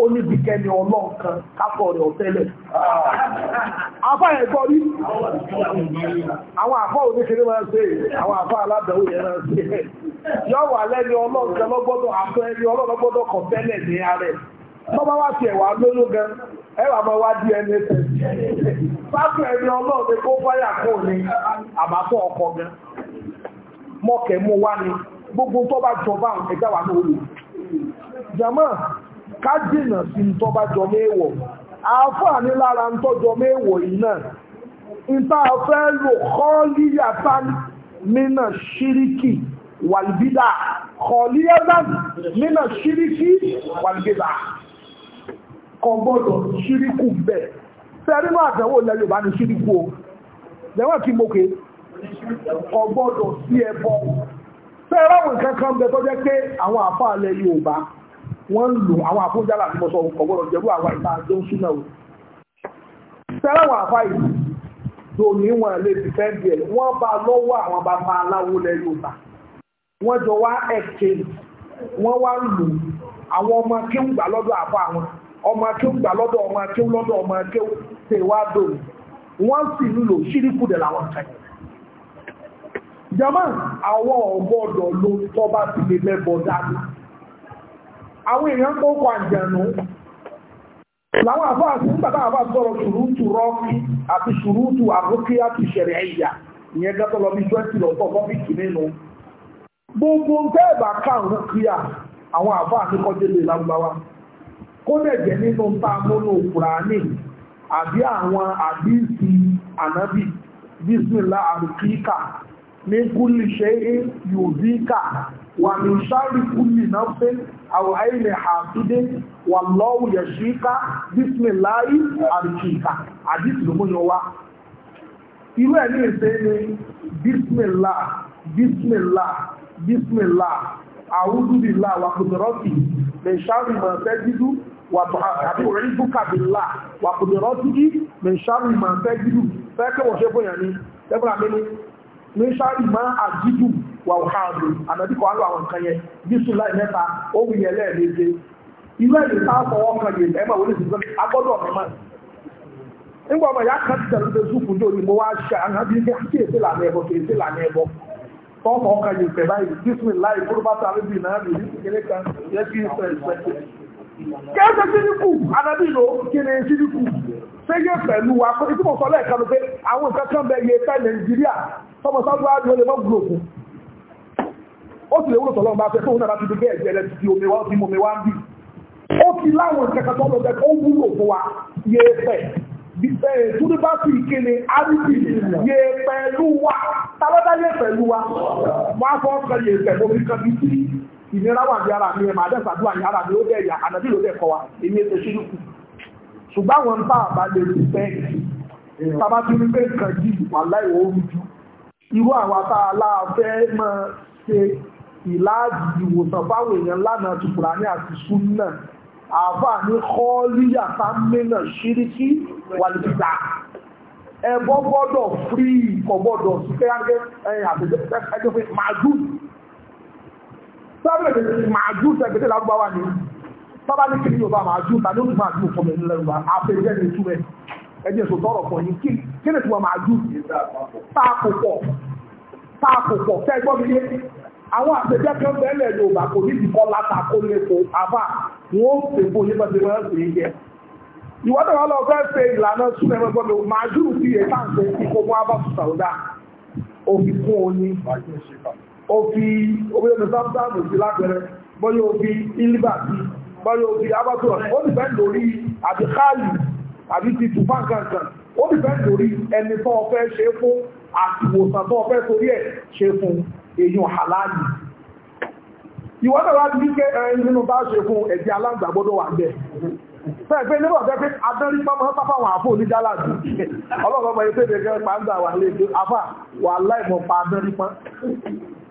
ó níbi kẹni ọlọ́run kan ọ̀tẹ́lẹ̀. Afá rí, àwọn àfá máa ṣe, àwọn àfá aládàáwò yẹn máa ṣe. Yọ́ wà lẹ́ni ọlọ́run kan lọ́gbọ́dọ̀ àfẹ́ ẹni ọlọ́run gbọ́dọ̀ kọ̀ tẹ́lẹ̀ ní ààrẹ. wá ẹ̀wà gan, máa wá ẹni ẹsẹ̀. ẹni ọlọ́run ni fáyà kó ni tó ká jìnà sí ń tọ́ bá jọ méèwọ̀ àáfàá ní lára ń tọ́jọ méèwọ̀ yìí náà ìta fẹ́ lò kọ́líyàtà nínà ṣíríkì wàlbídà kọ́líyàtà nínà ṣíríkì wàlbídà kò gbọ́dọ̀ ṣíríkù bẹ́ẹ̀ fẹ́rí náà àtẹ̀wò ilẹ̀ Yorùbá ní ṣíríkù o lẹ́wọ̀n kí mọ́kè kò gbọ́dọ̀ sí ẹbọ fẹ́ràn nǹkan wọ́n ń lò àwọn àfójálà ní mọ́sọ̀ ọgbọ́dọ̀ jẹ́rú àwa ìta àjọ súnà o sẹ́láwọ̀ àfa ìlú tó ní wọn lè ti fẹ́ díẹ̀ wọ́n bá lọ́wọ́ àwọn bàbá aláwo lẹ Yorùbá wọ́n jọ wá ẹ̀kẹ́ wọ́n wá ń lò àwọn ọmọ akéwù gbà lọ́dọ̀ àfa àwọn ọmọ akéwù gbà lọ́dọ̀ ọmọ akéwù lọ́dọ̀ ọmọ akéwù tè wá dòun wọ́n sì ń lò ṣíríkù dẹ̀ làwọn kan yìí jama àwọn ọgbọ́dọ̀ ló tọ́ bá ti lè mẹ́bọ̀ dáadáa àwọn èèyàn kó kọ láwọn àfáà sí ń bàbá àfáà sọ̀rọ̀ ṣùrútù rọ́ọ̀kì àti ṣùrútù àrókè àti ṣẹ̀rẹ̀ ẹ̀yà ìyẹn lọ bí twenty lọ́tọ̀ nínú gbogbo ń tẹ́ẹ̀ bá ká àwọn àfáà ní kọjélé lágbáwá kó dẹ̀jẹ̀ nínú ta múnú kùránì àbí àwọn ànábì bísmìlá ní kúlìṣẹ́ wà ní ṣáàrì kúlì náà fẹ́ àwọn àìlẹ̀ àfídé wà lọ́wọ́ yẹ̀ ṣíká bísmìláì àríkìkà àdìsì ló múyọ wá irú ẹ̀ ní ìṣe ni bísmìlá bísmìlá bísmìlá àwùdúbìlá wà kùdùrọ́tì lè ṣáàrì mọ̀ fẹ́ dídú àbí òrí búkàbìlá wà kùdùrọ́tì mẹ́ṣáàrì ima àjíjù wà òkàdù ànàdíkọ̀ àlọ́ àwọn nǹkan yẹn jésù láì mẹ́ta ó wù yẹn lẹ́ẹ̀lẹ́gbẹ́ irú ẹ̀dẹ̀ ebe a fọwọ́ kan yẹn ẹ̀mà wọlé ṣùgbọ́n agbọ́dọ̀ ọ̀nà ọmọ ìyá kan ti tẹ̀lé lóṣù kù lórí mo wá ṣe séyé pẹ̀lú wa pé tí mo sọ lẹ́ẹ̀kan pé àwọn nǹkan kan bẹ yẹ fẹ́ nàìjíríà tọmọ sáwọ́ àdúrà lè mọ́ gùn òkun ó sì lè wúlò tọ́lọ́ bá fẹ́ tóun náà bá ti di bẹ́ẹ̀ jẹ́ lẹ́ti ti omi wá ti mọ̀mí wá ń bì ó ti láwọn nǹkan kan tọ́lọ́ bẹ́ẹ̀ ó wúlò fún wa yẹ fẹ́ túnbí bá sì kéde ábíbì yẹ pẹ̀lú wa tálọ́dá yẹ pẹ̀lú wa wọ́n á fọ́ ọkọ̀ yẹ pẹ̀lú omi kan bí sí ìnira wà ní ara mi ẹ̀ máa dẹ́sàdúrà ní ara mi ó bẹ́ẹ̀ yà ànàbí ló bẹ́ẹ̀ kọ wa èmi ètò ṣílùkù ṣùgbọ́n àwọn tá a bá lè rí bẹ́ẹ̀ tàbá tí wípé nǹkan jí wà láì orí ju irú àwọn tá a láàfẹ́ máa ṣe ìlàjì ìwòsàn fáwọn èèyàn lánàá ti Kùránì àti súnà àbá ní kọ́ọ́líyà sámínà ṣíríkí wàlìbìtà ẹbọ gbọ́dọ̀ frí kò gbọ́dọ̀ sí kẹ́yàgẹ́ ẹ̀yìn àtẹ̀jẹ́ pé màájú sábẹ̀rẹ̀ màájú tẹ̀gbẹ̀tẹ̀ lágbàwà ni tọ́ba ní kí ni yóò bá máa ju tàbí ó tún máa ju fọmọ ìlú lẹ́rù wa àfẹ́jẹ́ ní ìtumọ̀ ẹjẹ́ sọ tọrọ fọ yín kí kí ni tiwọn máa ju táàkù pọ̀ táàkù pọ̀ fẹ́ gbọ́ mi yé àwọn àfẹ́jẹ́ kan bẹ́ẹ̀lẹ̀ Yorùbá kò ní ti kọ́ láta kó lè kó àbá wọn ó fẹ́ fún yín bá ti máa ń sè é jẹ ìwọ́n náà lọ fẹ́ ṣe ìlànà súnmọ́ ẹgbẹ́ mi máa ju ti yẹ táǹsẹ̀ kíkó fún abáṣu sàwùdà òfin kún oyin òfin obìnrin sáfùsáàmù bọ́yọ̀ òbí abátọ̀ ó ti fẹ́ lórí àbí káàlì àbí ti tù fán kankan ó ti fẹ́ lórí ẹni tó ọfẹ́ ṣe fún àti ìwòsàn tó ọfẹ́ torí ẹ̀ ṣe fún èèyàn àláàlì ìwọ́n náà láti ní kẹ́ ẹ̀rin nínú bá ṣe fún ẹ̀dí aláǹgbà gbọ́dọ̀ wà bẹ́ẹ̀ fẹ́ẹ̀fẹ́ nígbà tẹ́ pé adẹ́rí pápá sáfàwọn àfò ní jálàdì ọlọ́gbọ́gbọ́ ẹgbẹ́ ìgbẹ́ pàǹdà wà lè àfà wà láìmọ̀ pa adẹ́rí pán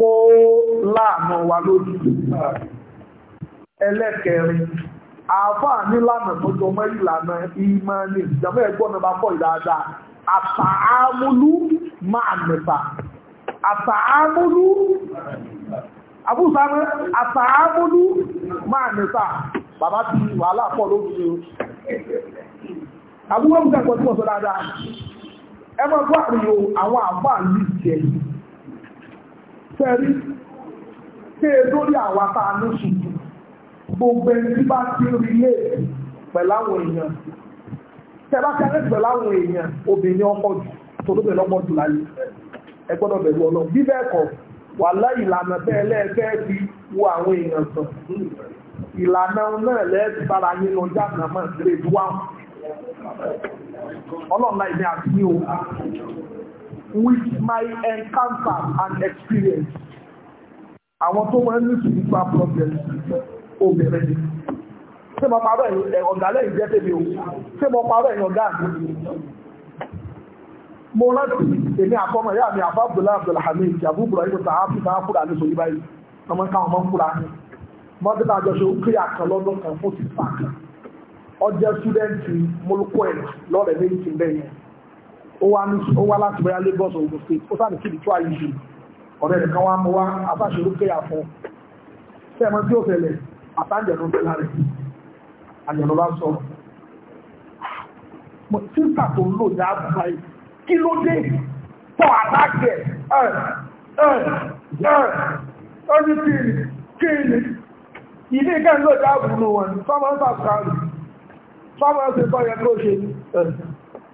kó láàánú wa lójú ẹlẹ́kẹrin àáfàá nílànà tó jọ mọ́ ìlànà ìmọ̀ọ́nì ìjàmọ́ ẹ̀gbọ́n mi bá kọ́ ìdáadáa àtàámúlú máa nìfà àtàámúlú àbúsáwẹ́ àtàámúlú máa nìfà bàbá ti wàhálà pọ̀ lójú àbúrò ń tẹ́kọ̀ọ́ tí wọ́n sọ dáadáa ẹ Fẹ́rí, pé lórí àwọn ata lóṣùkú, gbogbo ẹni tí bá ti rí lè pẹ̀láwọn èèyàn. Tẹ́lá ti alẹ́ pẹ̀láwọn èèyàn, obìnrin ọkọ̀ jù, tòlóbẹ̀ lọ́pọ̀ jù láyé. Ẹ gbọ́dọ̀ bẹ̀rù ọlọ́. Bí bẹ́ẹ̀ kọ̀, wà láì ìlànà bẹ́ẹ̀ lẹ́ẹ̀fẹ́ fi wo àwọn èèyàn sàn. Ìlànà náà lẹ́ẹ̀fẹ́ bára yín lọ jáde náà mọ̀ with my encounter and experience àwọn tó wọ́n ní spiritual problems obìnrin ni ṣé mo parọ́ ẹ̀yìn ọ̀gá lẹ́yìn jẹ́ tèmi o ṣé mo parọ́ ẹ̀yìn ọ̀gá mi mo rántí èmi àkọ́mọ̀ ìyá mi àbá abdullahi abdulhamid yabu ibrahim sahabu sahabu rà ní sọ yíbáyé ọmọ nǹkan ọmọ nkúra ni mọ́tẹ́tà àjọṣe òkè àkàn lọ́dún kan fún sísá kan ọjọ́ ṣúdẹ́ǹtì mọ́lùkọ́ ẹ̀ lọ́rẹ̀ méjì bẹ́yẹn ó wá láti bẹ́yà Lagos Ogun State ó sáà ní kíbi tó àyè jù ọ̀rẹ́ rẹ̀ kan wá mú wá afáṣerú kéyà fún sẹ́ẹ̀mọ́ tí ó fẹ̀lẹ̀ àtàjẹ̀nù bẹ̀lá rẹ̀ àjẹ̀nù bá sọ̀rọ̀ sísà tó ń lò ní àbúrà yìí kí ló dé pọ̀ àtàkẹ̀ ẹ̀ ẹ̀ ẹ̀ ọdún tí kéèlè ilé ìkẹ́ ń lò ní àbúrò wọn fáwọn sàkàrù fáwọn ṣe tọ́ yẹ kó ṣe ẹ̀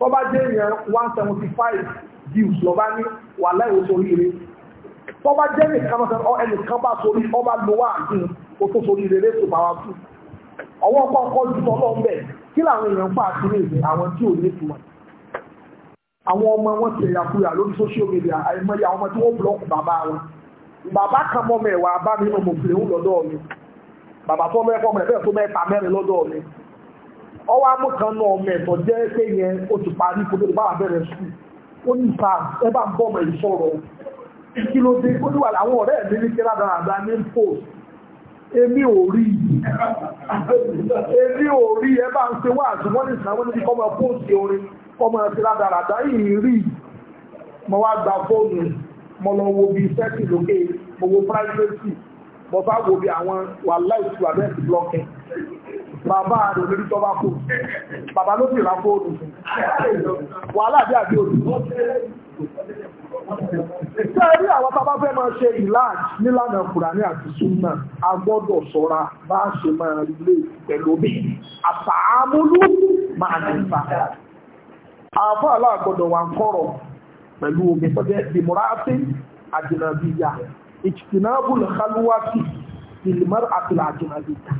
bọ́bá jẹ́ èèyàn one seventy five views lọ́ba ní wà láìwò sórí rẹ̀ bọ́bá jẹ́ nìkan ọ̀sẹ̀ ọ ẹnìkan bá sórí ọba lówà àdín o tó sórí rẹ̀ lẹ́sọ̀ bàwá tù ọwọ́ ọkọ̀ ọkọ̀ ju tọ́lọ́ ń bẹ̀ kí làwọn èèyàn fà sí ní ìsìn àwọn tí ò ní ìtumọ̀ àwọn ọmọ wọn ti ẹ̀yà kúrò lórí social media àìmọye àwọn ọmọ tí wọ́n blọ́ọ̀kù bàbá wọn bàbá kan mọ́ mẹ́wàá bá mi nù mọ̀ fìlẹ̀ ń lọ́dọ̀ mi bàbá tó mẹ́fọ́ mẹ́fẹ́ ọwọ́ amúkanú ọmọ ẹ̀tọ́ jẹ́ pé yẹn ó ti parí kó tó ti bára bẹ̀rẹ̀ sùn ó ní ìta ẹ bá ń bọ́ ọmọ ìṣọ̀rọ̀ kí ló dé ó ní wà láwọn ọ̀rẹ́ mi ní kẹ́lá dáradá ní post èmi ò rí èmi ò rí ẹ bá ń ṣe wá àtúwọ́n ní ìsìnàwọ́n níbi kọ́mọ post orin kọ́mọ ti rádaràdá yìí rí mo wá gba fóònù mo lọ wo bí sẹ́ẹ̀tì lókè mo wo privacy mo bá wo bí àwọn wà láìsí àbẹ́ẹ̀tì blọ́kẹ̀ẹ́ bàbá rẹ̀ lórí tó bá kò bàbá ló sì ra fóònù wàhálà bí àbí òdù tí a rí àwọn bàbá fẹ́ máa ṣe ìlàjì nílànà Kùránì àti súnmọ́ a gbọ́dọ̀ ṣọ́ra bá ṣe máa rí lè pẹ̀lú bí àfàámúlú máa ní ìfà àfọ́ aláàgbọ́dọ̀ wà ń kọ́rọ̀ pẹ̀lú omi tọ́jẹ́ dìmúráàtì àjìnàbíyà ìtìtìnábùl khalwati ìlmar àtìlà àjìnàbíyà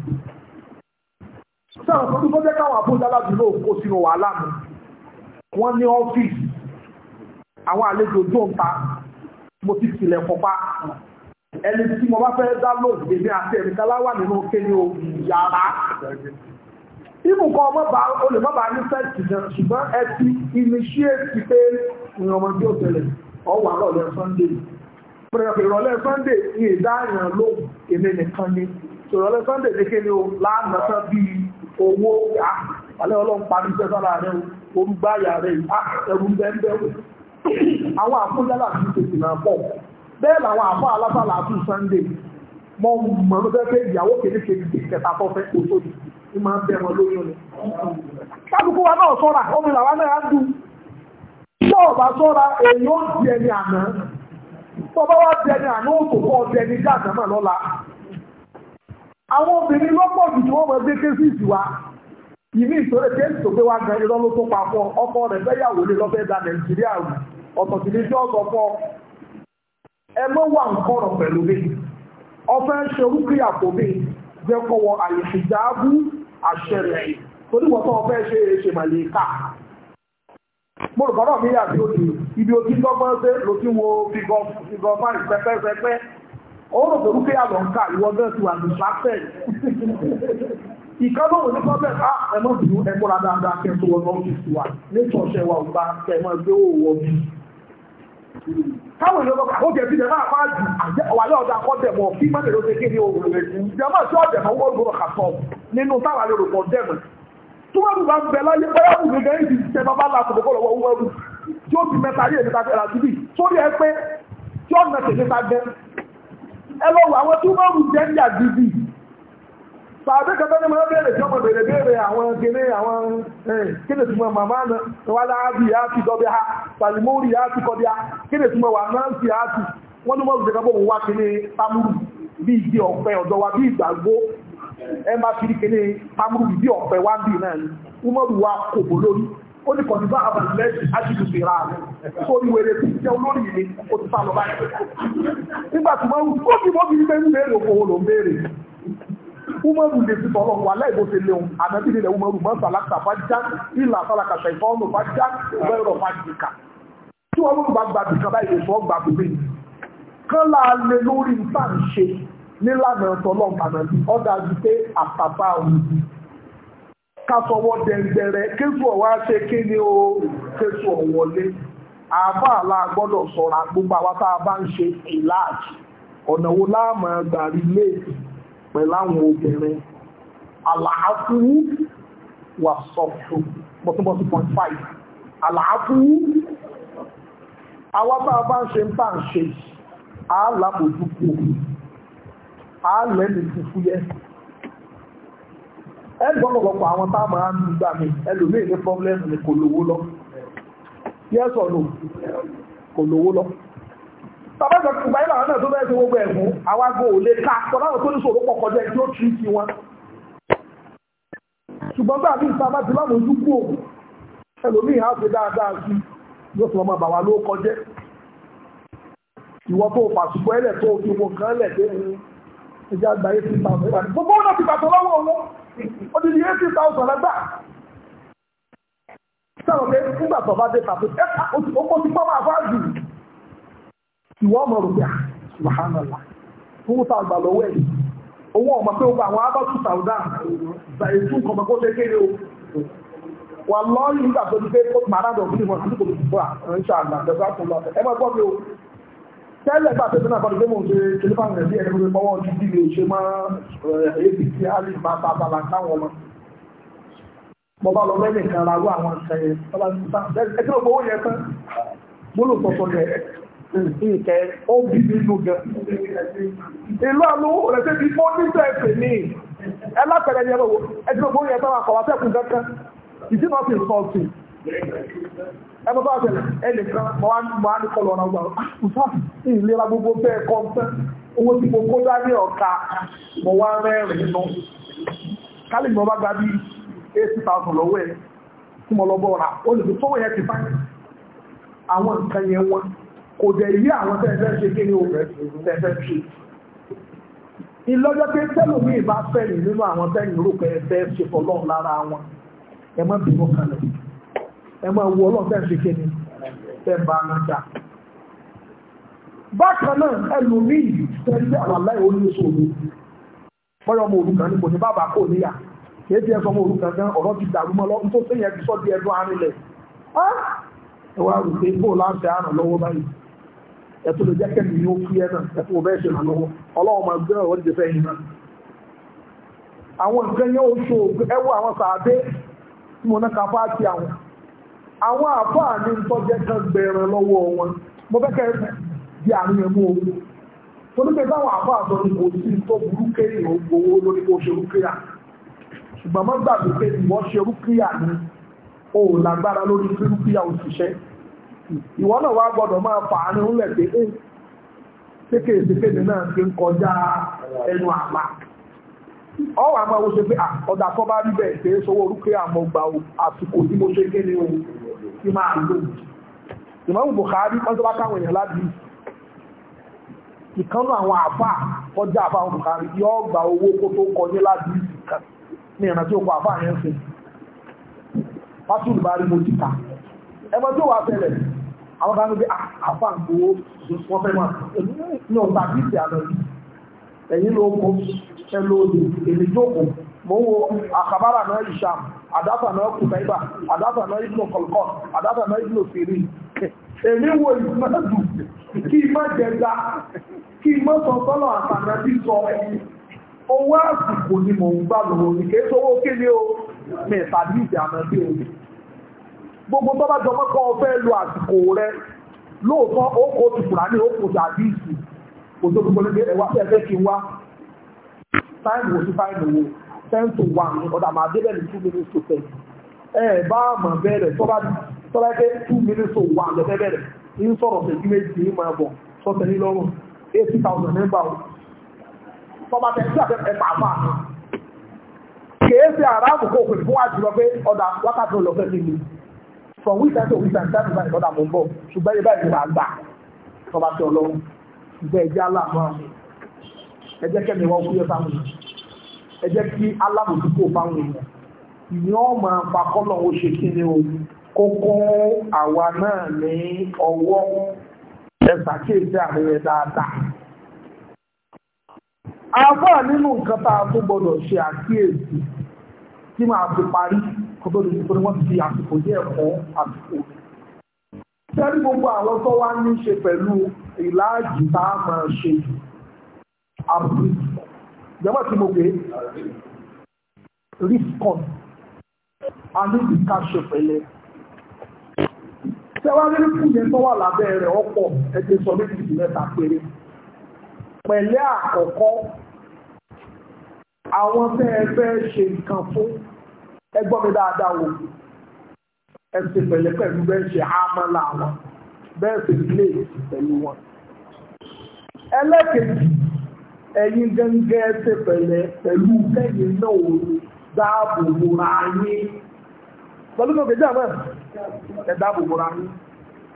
sáà tó tó jẹ́ káwọn àbújá aládùúgbò kó sínú wàhálà mi wọ́n ní ọ́fíìsì àwọn àlejò tó mo ti tilẹ̀ kọpa ẹni tí mo bá fẹ́ dá lóòdì èmi àti ẹ̀mí kaláwà nínú kéde yàrá ibùkọ́ ọmọba olùmọ́ba ní sẹ́ẹ̀tì náà ṣùgbọ́n ẹ ti initiate pé ìrànmọ́dé òtẹ̀lẹ̀ ọwọ́ àlọ́ọ̀lẹ́ Sunday pẹ̀lú ìrọ̀lẹ́ Sunday ní ìdá ìrànlọ́ọ̀ èmi nìkan ni ìrọ̀lẹ́ Sunday ní kéde láàmọ́sán bíi owó ah, alẹ́ ọlọ́run parí iṣẹ́ sára rẹ̀ orúgbáyà rẹ̀ ah, ẹrù bẹ́ẹ̀ àwọn àfúnjálà ti tètè náà pọ̀ bẹ́ẹ̀ làwọn àfọ́ alábàlà àti Sunday mọ mọ̀nú fẹ́ ìyàwó kékeré kẹta tó fẹ́ kó sódì ní máa lóyún ni. wa náà sọ́ra omi làwa náà ń dùn tó sọ́ra èyí ó di ẹni àná tó bá wá di ẹni àná ó tó kọ́ àwọn obìnrin ló pọ̀ jù tí wọ́n mọ̀ gbé kéṣìṣì wa ìmí ìtòlè tí èsì tó gbé wa gan irọ́ ló tó pa fún ọkọ rẹ̀ fẹ́yàwó lé lọ́fẹ́ da nàìjíríà rù ọ̀tọ̀ sì ní tí ó sọ fún ọ ẹ mọ́ wà nǹkan ọ̀rọ̀ pẹ̀lú mi ọfẹ́ ṣe orúkúyà kò mi jẹ́ kọ́wọ́ àyèsìjáàbù àṣẹ rẹ̀ torí wọ́n tó ọfẹ́ ṣe ṣe màlẹ́kà mo rò bọ́dọ̀ mi yà bí ó ti ibi ó ti dọ́gbọ́n ṣe ló ọ̀rọ̀ pẹ̀lú pé àlọ́ ń ká ìwọ bẹ́ẹ̀ tí wà ní ṣáfẹ́ ìkọ́nà òní pọ́bẹ̀ á ẹ̀mọ́ I ẹ̀mọ́ra dáadáa kẹ́ tó wọ́n ọ́fíìsì wa ní ṣọ̀ṣẹ́ wa ò bá tẹ̀mọ́ ẹgbẹ́ òwò bí káwọn ìlọ́gbọ́n àwọn òbí ẹ̀bí náà máa jù àjẹ́ ọ̀wálẹ́ ọ̀dà akọ́dẹ̀mọ̀ kí mẹ́rin ló ṣe kí ni òwò rẹ̀ jù jẹ́mọ̀ sí ọ̀dẹ̀mọ̀ wọ́n gbọ́dọ̀ kà sọ nínú táwọn àlẹ́ òrùkọ̀ dẹ̀mọ̀ tó wọ́n bá ń bẹ láyé bóyá wù mí gẹ́yìn tẹ bàbá làkùnkùn kọ́ lọ́wọ́ wọ́n tí ó ti mẹ́ta rí èmi ta síbí sórí ẹ pé tí ó mẹ́tẹ̀ẹ́ ẹlọ́wọ̀ àwọn tí wọ́n mú jẹ́ndà gidi pàdé kẹfẹ́ ní ya bẹ̀rẹ̀ tí ọmọ kéde ti ha ti kéde bí ìdí wa wá bí náà ni wọ́n wá lórí ó ní kọ̀dùbá àbàlẹ̀ ajíjù fèrà rẹ̀ tó ní wèrè tí jẹ́ olórí ilé ó ti sá lọ báyìí nígbà tí wọ́n ó ti mọ́ bíi bẹ́ẹ̀ ń béèrè òkòwò ló ń béèrè umaru lè ti tọ̀lọ̀ wà láì bó ṣe léun ànábì nílẹ̀ umaru mọ́ sàlákà bá já ìlà sàlákà ṣàìfọ́nù bá já ìwẹ́rọ̀ bá jìkà tí wọ́n lóun bá gba bìkan báyìí lè sọ gbà gbogbo yìí kán láà lè lórí nǹkan ṣe nílànà tọlọ́ǹkànà ọ̀dà àti pé àtàbà òun kásọwọ́ dẹ̀ndẹ̀rẹ̀ kéṣù ọ̀wá ṣe kí ni o kéṣù ọ̀wọ́lé àbá àlá gbọ́dọ̀ sọ̀ra gbogbo àwa tá a bá ń ṣe ìlàjì ọ̀nà wo láàmú gbàrí léèdì pẹ̀lú àwọn obìnrin àlàáfíwú wà sọ̀tù bọ́túbọ́tú point five àlàáfíwú àwa tá a bá ń ṣe ń tà ń ṣe àálàbòjúkù àálẹ́mì fúfúyẹ́ ẹgbọ́nlọ́pọ̀ àwọn táàmà á ń gbà mí ẹlòmí ní pọ́blẹ́mù ni kò lówó lọ yes or no kò lówó lọ tàbátà ìgbà ìlànà náà tó bẹ́ẹ̀ tí gbogbo ẹ̀fún awágbó ò lè ká tọ́láwọ̀ tó ní ṣòro pọ̀ kọjá tí ó tì í wọn ṣùgbọ́n bá àbí ìsàmá ti láwọn ojú kú òun ẹlòmí ìhá ṣe dáadáa sí yóò sọ ọmọ bàwá ló kọjẹ́ ìwọ tó fàṣùgbọ́ ẹlẹ̀ tó ẹjẹ́ àgbà 80,000 ìwà gbogbo ọ̀nà ti bàtọ̀ lọ́wọ́ owó odidi 80,000 lẹ́gbà sọ̀rọ̀ pé nígbà tó bá dé pàtó ẹ̀ka oko ti pọ́ máa fáà ìwọ́ ọmọ rògbé à ah, subhanallah owó tá a gbà lọ́wọ́ ẹ̀ owó ọmọ pé gbogbo àwọn abá 2000 bàyẹ̀ tún kọ̀mọ̀ kó lé kéré o wà lọ́ọ̀yì nígbà tó ti dé màdàdọ̀ fún ìmọ̀ àti tẹ́lẹ̀ gbà tẹ́lẹ̀ náà kọ́dùgbé mò ń ṣe tẹlifáàmù rẹ̀ bí ẹni pé pọ́wọ́ ti dí lè ṣe máa eh, abc ali máa ta àbàlà táwọn ọmọ mo bá lọ lẹ́yìn kan ra rú àwọn nǹkan yẹn tọ́lá ti sá ẹgbẹ́ ògbó owó yẹn tán gbólò tọ̀tọ̀ yẹn nǹkẹ́ ó bí nínú gan ìlú àlú rẹ̀ ṣe bí mo ní sẹ́ẹ̀sì ní ẹ látẹ̀lẹ̀ yẹn lọ́wọ́ ẹgbẹ́ ògbó yẹn tán àkọ́wá sẹ́kùn kankan ìdí ẹgbẹ́ bá ṣẹlẹ̀ ẹnìkan mọ́ wá ní kọlọ̀ ọ̀nà ọgbà ọ̀sá ìlera gbogbo bẹ́ẹ̀ kọ́ tẹ́ owó tí mo kó dání ọ̀ka mọ́ wá rẹ́rìn nù kálí mọ́ bá gba bí eighty thousand lọ́wọ́ ẹ̀ tí mo lọ bọ́ ra ó lè fi tówó yẹn ti fáyé àwọn nǹkan yẹn wọn kò dẹ̀ yí àwọn tẹ́ẹ̀fẹ́ ṣe kí ni o tẹ́ẹ̀fẹ́ ṣe ìlọ́jọ́ pé tẹ́lùmí ìbá fẹ́yìn nínú àwọn tẹ́yìn rò pé ẹ fẹ́ ṣe fọlọ́ọ̀ lára wọn ẹ má bínú kalẹ̀ ẹ máa wo ọlọ́run bẹ́ẹ̀ ṣe kéde bẹ́ẹ̀ bá ń jà. bákan náà ẹlòmíì tẹ́lí àlàlá ìwọ ní bọ́yọ̀ ọmọ òrukàn ní kò ní bàbá kò níyà kìí ti ẹsọ ọmọ gan ọ̀rọ̀ ti dàrú mọ́ lọ́wọ́ tó sẹ́yìn ẹbí sọ́dí ẹdún arinlẹ̀ ẹ wá rò pé bóòlù àti àrùn lọ́wọ́ báyìí ẹ̀tọ́ lè jẹ́ kẹ́mi ní ó fi náà lọ́wọ́ ọlọ́wọ́ máa gbé ọ̀rọ̀ náà àwọn nǹkan yẹn oṣù àwọn sàádé tí mo àwọn àfáà ní tọ́jẹ́ kan gbẹ̀rẹ̀ lọ́wọ́ wọn mo fẹ́ kẹ́ di àárín ẹ̀mú tó ní báwọn àfáà sọ ní kò sí tó burú kéyìn ògbówó lórí kó ṣe rúkìá ṣùgbọ́n mọ́ gbàgbé pé ni o ò lágbára lórí pé rúkìá ò ṣiṣẹ́ ìwọ náà wá gbọ́dọ̀ máa fà á ní pé é kékeré náà ti ń kọjá ẹnu wo ṣe pé ọ̀dà tó bá rí tí máa lò ìmọ̀mù Bukhari wọ́n tó bá káwọn èèyàn láti ìkánú àwọn àfà kọjá àfà àwọn Bukhari yóò gba owó kó tó kọ ní láti ìkan ní ìrìnà tí ó kọ àfà yẹn fẹ́ pátùlù bá rí mo ti ta ẹgbẹ́ tó wà tẹ́lẹ̀ àwọn kan gbé ah, àfà ń gbowó wọ́n fẹ́ máa ní ọ̀gbà bíi ti àná yìí ẹ̀yìn ló kọ ẹ lóòlù èmi jókòó mo ń wo àkàbárà náà ìṣàmù Adafana náà kù táìbà àdáfà náà ìbùnà kọ̀lọ̀kọ̀ àdáfà náà ìbùnà fèrè èmi wo kí Ima jẹta kí Ima sọ àtàrà bí sọ owó àsìkò ni mò ń gbà gbogbo tó jọ mọ́kọ́ fẹ́ lo rẹ lóòótọ́ ó kó ní o kò tàbí ìsìn kò tó gbogbo ẹwà fẹ́ kí ten to one ọ̀dà máa dé bẹ́ẹ̀ ní two minutes to ten ẹ eh, bá àmọ̀ bẹ̀rẹ̀ tọ́ba tọ́ba pé two minutes to one lọ́fẹ́ bẹ̀rẹ̀ ń sọ̀rọ̀ pẹ̀lú méjì ní máa bọ̀ sọ́sẹ̀ ní lọ́rùn eighty thousand mẹ́mbà o tọ́ba tẹ̀ sí àtẹ̀pẹ̀ pàápàá kèé ṣe àràbù kò pè fún àjùlọ pé ọ̀dà wákàtí ọlọ́fẹ́ mi ni from weekend to weekend seven by ọ̀dà mò ń bọ̀ ṣùgbọ́n yẹ báyìí máa gbà tọ́ba tẹ ọlọ́run ìgbẹ́ ẹ̀jẹ̀ aláàmọ́ ẹ̀jẹ̀ kẹ́mi wọ́n kú yẹ sáwọn ẹ jẹ́ kí alábòjútó fáwọn èèyàn ìyẹn ọ̀ máa pa kọ́lọ̀ ó ṣe kí ni o kókó àwa náà ní ọwọ́ ẹ ṣàkíyèsí àrẹ dáadáa. àbá nínú nǹkan tá a tó gbọdọ̀ ṣe àkíyèsí tí màá fi parí kó tó lè fi wọ́n ti àsìkò díẹ̀ fún àsìkò. sẹ́ni gbogbo àwọn tó wá ní ṣe pẹ̀lú ìlàjì tá a máa ṣe àbúrò jẹ́mọ́ tí mo pè é rifcon a ní ìkáṣọ pẹ̀lẹ́ tẹ́wárí kù yẹn tó wà lábẹ́ rẹ̀ ọ̀pọ̀ ẹgbẹ́ sọ méjì sí mẹ́ta péré pẹ̀lẹ́ àkọ́kọ́ àwọn tẹ́ ẹ fẹ́ ṣe nǹkan fún ẹ gbọ́ mi dáadáa wò ẹ ṣe pẹ̀lẹ́ pẹ̀lú bẹ́ẹ̀ ṣe ámọ́lá wọn bẹ́ẹ̀ ṣe ilé pẹ̀lú wọn ẹlẹ́kẹ̀ẹ́ ẹ̀yin gẹ́gẹ́ ṣe pẹ̀lẹ́ pẹ̀lú kẹ́yìn náà ò dáàbò bora yín pẹ̀lú náà kẹjá mọ́ ẹ̀ dáàbò bora yín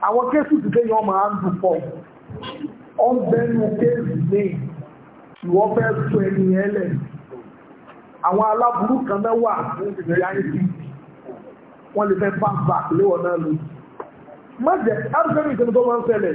àwọn kéésì ti kéyàn máa ń dùn pọ̀ ọ̀n bẹ́nu kéésì ní ìwọ́n fẹ́ sọ ẹni yẹn lẹ̀ àwọn aláburú kan náà wà ní ìrìn ayé ti wọ́n lè fẹ́ bá bàtì léwọ̀n náà lò má jẹ́ àrùsẹ́rì ìṣẹ́ni tó máa ń ṣẹlẹ̀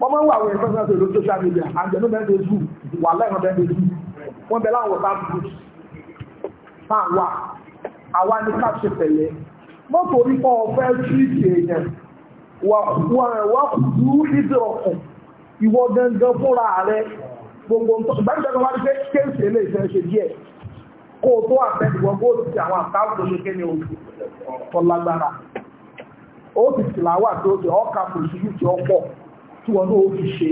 wọ́n máa ń wà àwọn ẹ̀fẹ́ náà social media àjẹ̀nú mẹ́rin ojú wà lẹ́yìn ọ̀dẹ́ ojú wọ́n bẹ láwọn ọ̀tá groups máa wà àwa ní káṣẹ pẹ̀lẹ́ mọ́tò onípa ọ̀fẹ́ tíìtì èèyàn wà kù dú ìdí ọkàn ìwọ gangan fúnra rẹ gbogbo ìgbàlódé wá ní pé kéèsì eléyìí fẹ́ ṣe díẹ̀ kó o tó àfẹ́ ìwọ̀n bó ti àwọn àkáǹtì olókè ní oṣù tọ́lágbára ó sì tìlàwà tó ti ọkà kò sí ti ọ̀pọ̀ tí wọn náà fi ṣe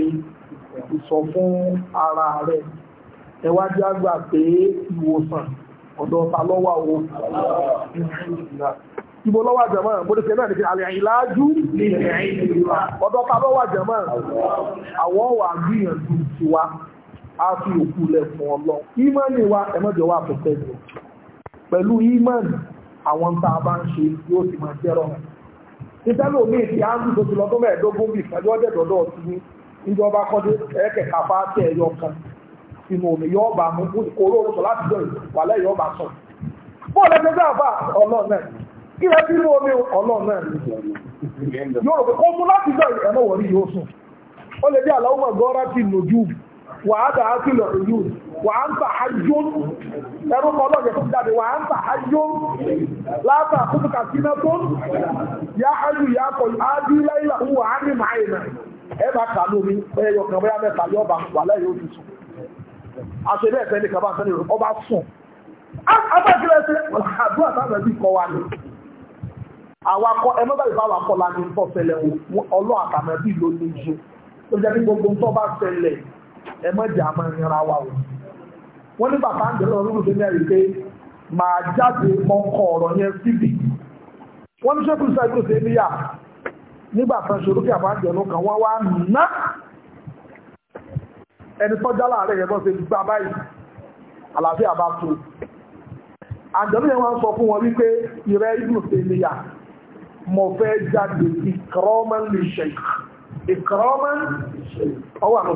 ìsọ fún ara rẹ̀ ẹwájú àgbà pé ìwòsàn ọ̀dọ̀ ọ̀ta lọ́wọ́ o ibo lọ́wọ́ àjẹmọ́ ìbódíṣẹ́ náà ní pé àlẹ́ ìlàájú ọ̀dọ̀ ọ̀ta lọ́wọ́ àjẹmọ́ àwọn wà gbìyànjú tiwa a fi òkú lẹ̀ fún ọlọ́ ìmọ̀ni wa ẹ̀mọ́jọ wà pẹ̀lú ìmọ̀ni àwọn tá a bá ń ṣe yóò sì máa jẹ́rọ̀ ìtẹ́lò mi ti á ń bí tó ti lọ tó mẹ́ẹ̀ẹ́dógún bí ìfẹ́jọ́ dẹ̀dọ̀dọ̀ ti ní ìjọba kọ́dé ẹ̀ẹ́kẹ̀ka bá tẹ̀ ẹyọ kan sínú omi yọ ọba mú kóró orúkọ láti jọ ìwàlẹ̀ yọ ọba sọ. bọ́ọ̀lù ẹgbẹ́ bá bá ọlọ́ọ̀ náà kí ẹ sínú omi ọlọ́ọ̀ náà yóò rò pé ó mú láti jọ ẹ̀mọ́ yóò sùn. ó lè jẹ́ wà á ń tà ájó ẹrú kan lọ́jọ́ tó jáde wà á ń tà ájó látà kúkú kàtínà tó yá ájú yá kọ ájú láìlà ń wà á ní màá yìí náà ẹ máa kà lómi ẹ yọ kan bóyá mẹ́ta yọ ọba wà lẹ́yìn ojú sùn àṣẹ ilé ẹ̀fẹ́ nìkan bá ń sẹ́ni ọba sùn ni àwọn akọ bá ìbá wa kọ la ọlọ́ àtàmẹ́bí ló ní ju ó jẹ́ ní gbogbo nǹkan bá ṣẹlẹ̀ ẹmọ jà máa ń ra wọ́n ní bàbá ń jẹ́lọ́ lórí ìdílé rí pé màá jáde ọkọ̀ ọ̀rọ̀ yẹn síbì wọ́n ní sẹ́kùn sẹ́kùn sí níyà nígbà kan ṣòro kí àbá jẹ̀lọ́ kan wọ́n wá ná ẹni tó jálà rẹ̀ yẹ bọ́ sí gbà báyìí àlàáfíà bá tu àjọ̀lú yẹn wọ́n sọ fún wọn wípé ìrẹ́ ìdùn sí níyà mo fẹ́ jáde ìkọ́rọ́mọ́ lè ṣe ìkọ́rọ́mọ́ ọwọ́ àlọ́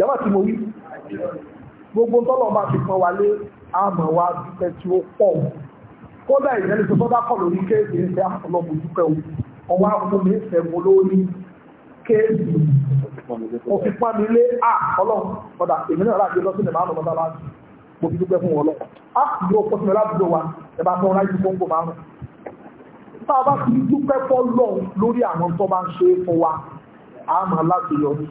jẹ́wọ́ tí mo rí gbogbo tọ́lọ̀ bá ti pọn wálé àmọ́ wa dúpẹ́ tí ó pọ̀ kódà ìrẹ́lẹ̀ tó sọ́dá kọ̀ lórí kéèsì ń fẹ́ ah, dúpẹ́ o ọwọ́ akúnmi ń fẹ́ mo lórí kéèsì mo fi pọ́n mi lé à ah, ọlọ́run kódà èmi náà láti lọ sí ìdè máa lọ mo o pọ́sí ah, mi ládùúgbò lórí àwọn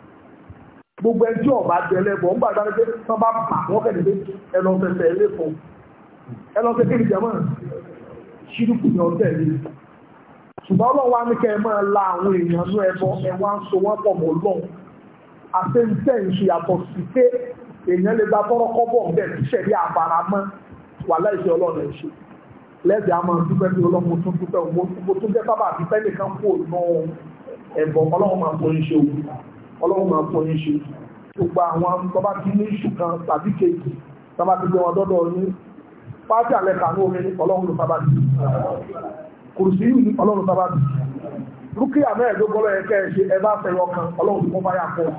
gbogbo ẹjọ́ ọba jẹlẹ́bọ̀ ń gbàgbá pé wọ́n bá bà wọ́n kẹ́lẹ́ pé ẹlọ́fẹ̀fẹ̀ ilé fún ẹlọ́fẹ̀ kéde jẹ́mọ́ ṣírùkù ní ọ̀tẹ̀ mi ṣùgbọ́n ọlọ́wọ́ á ní kẹ́ ẹ máa la àwọn èèyàn ní ẹbọ ẹwà ń so wọ́n pọ̀ mọ́ lọ́n àtẹ̀ǹtẹ̀ ń ṣe yàtọ̀ sí pé èèyàn lè gba tọ́rọ́ kọ́bọ̀ bẹ́ẹ̀ tíṣẹ̀ bí àbáramọ́ wà láìsí ọlọ́run ẹ̀ ṣe lẹ́ẹ̀dì àmọ́ dúpẹ́ ọlọ́run máa ọlọ́run máa fún yín ṣe gbogbo àwọn tọ́ba ti ní iṣu kan tàbí kejì tọ́ba ti gbé wọn dọ́dọ̀ ní pátí àlẹ́ kanú omi ọlọ́run ló sábà ti kùrùsí yìí ọlọ́run sábà ti rúkìá mẹ́ẹ̀ẹ́dógọ́lọ́ ẹ̀kẹ́ ṣe ẹ bá fẹ́ ọkàn ọlọ́run tó bá yà fún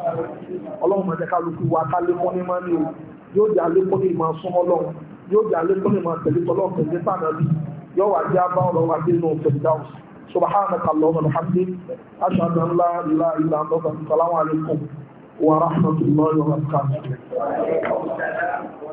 ọlọ́run mọ̀jẹ́ kálukú wa ká lékún ní mọ́ ní subhanaka allahumma wa bihamdika ashhadu an la ilaha illa anta assalamu alaikum wa rahmatullahi wa barakatuh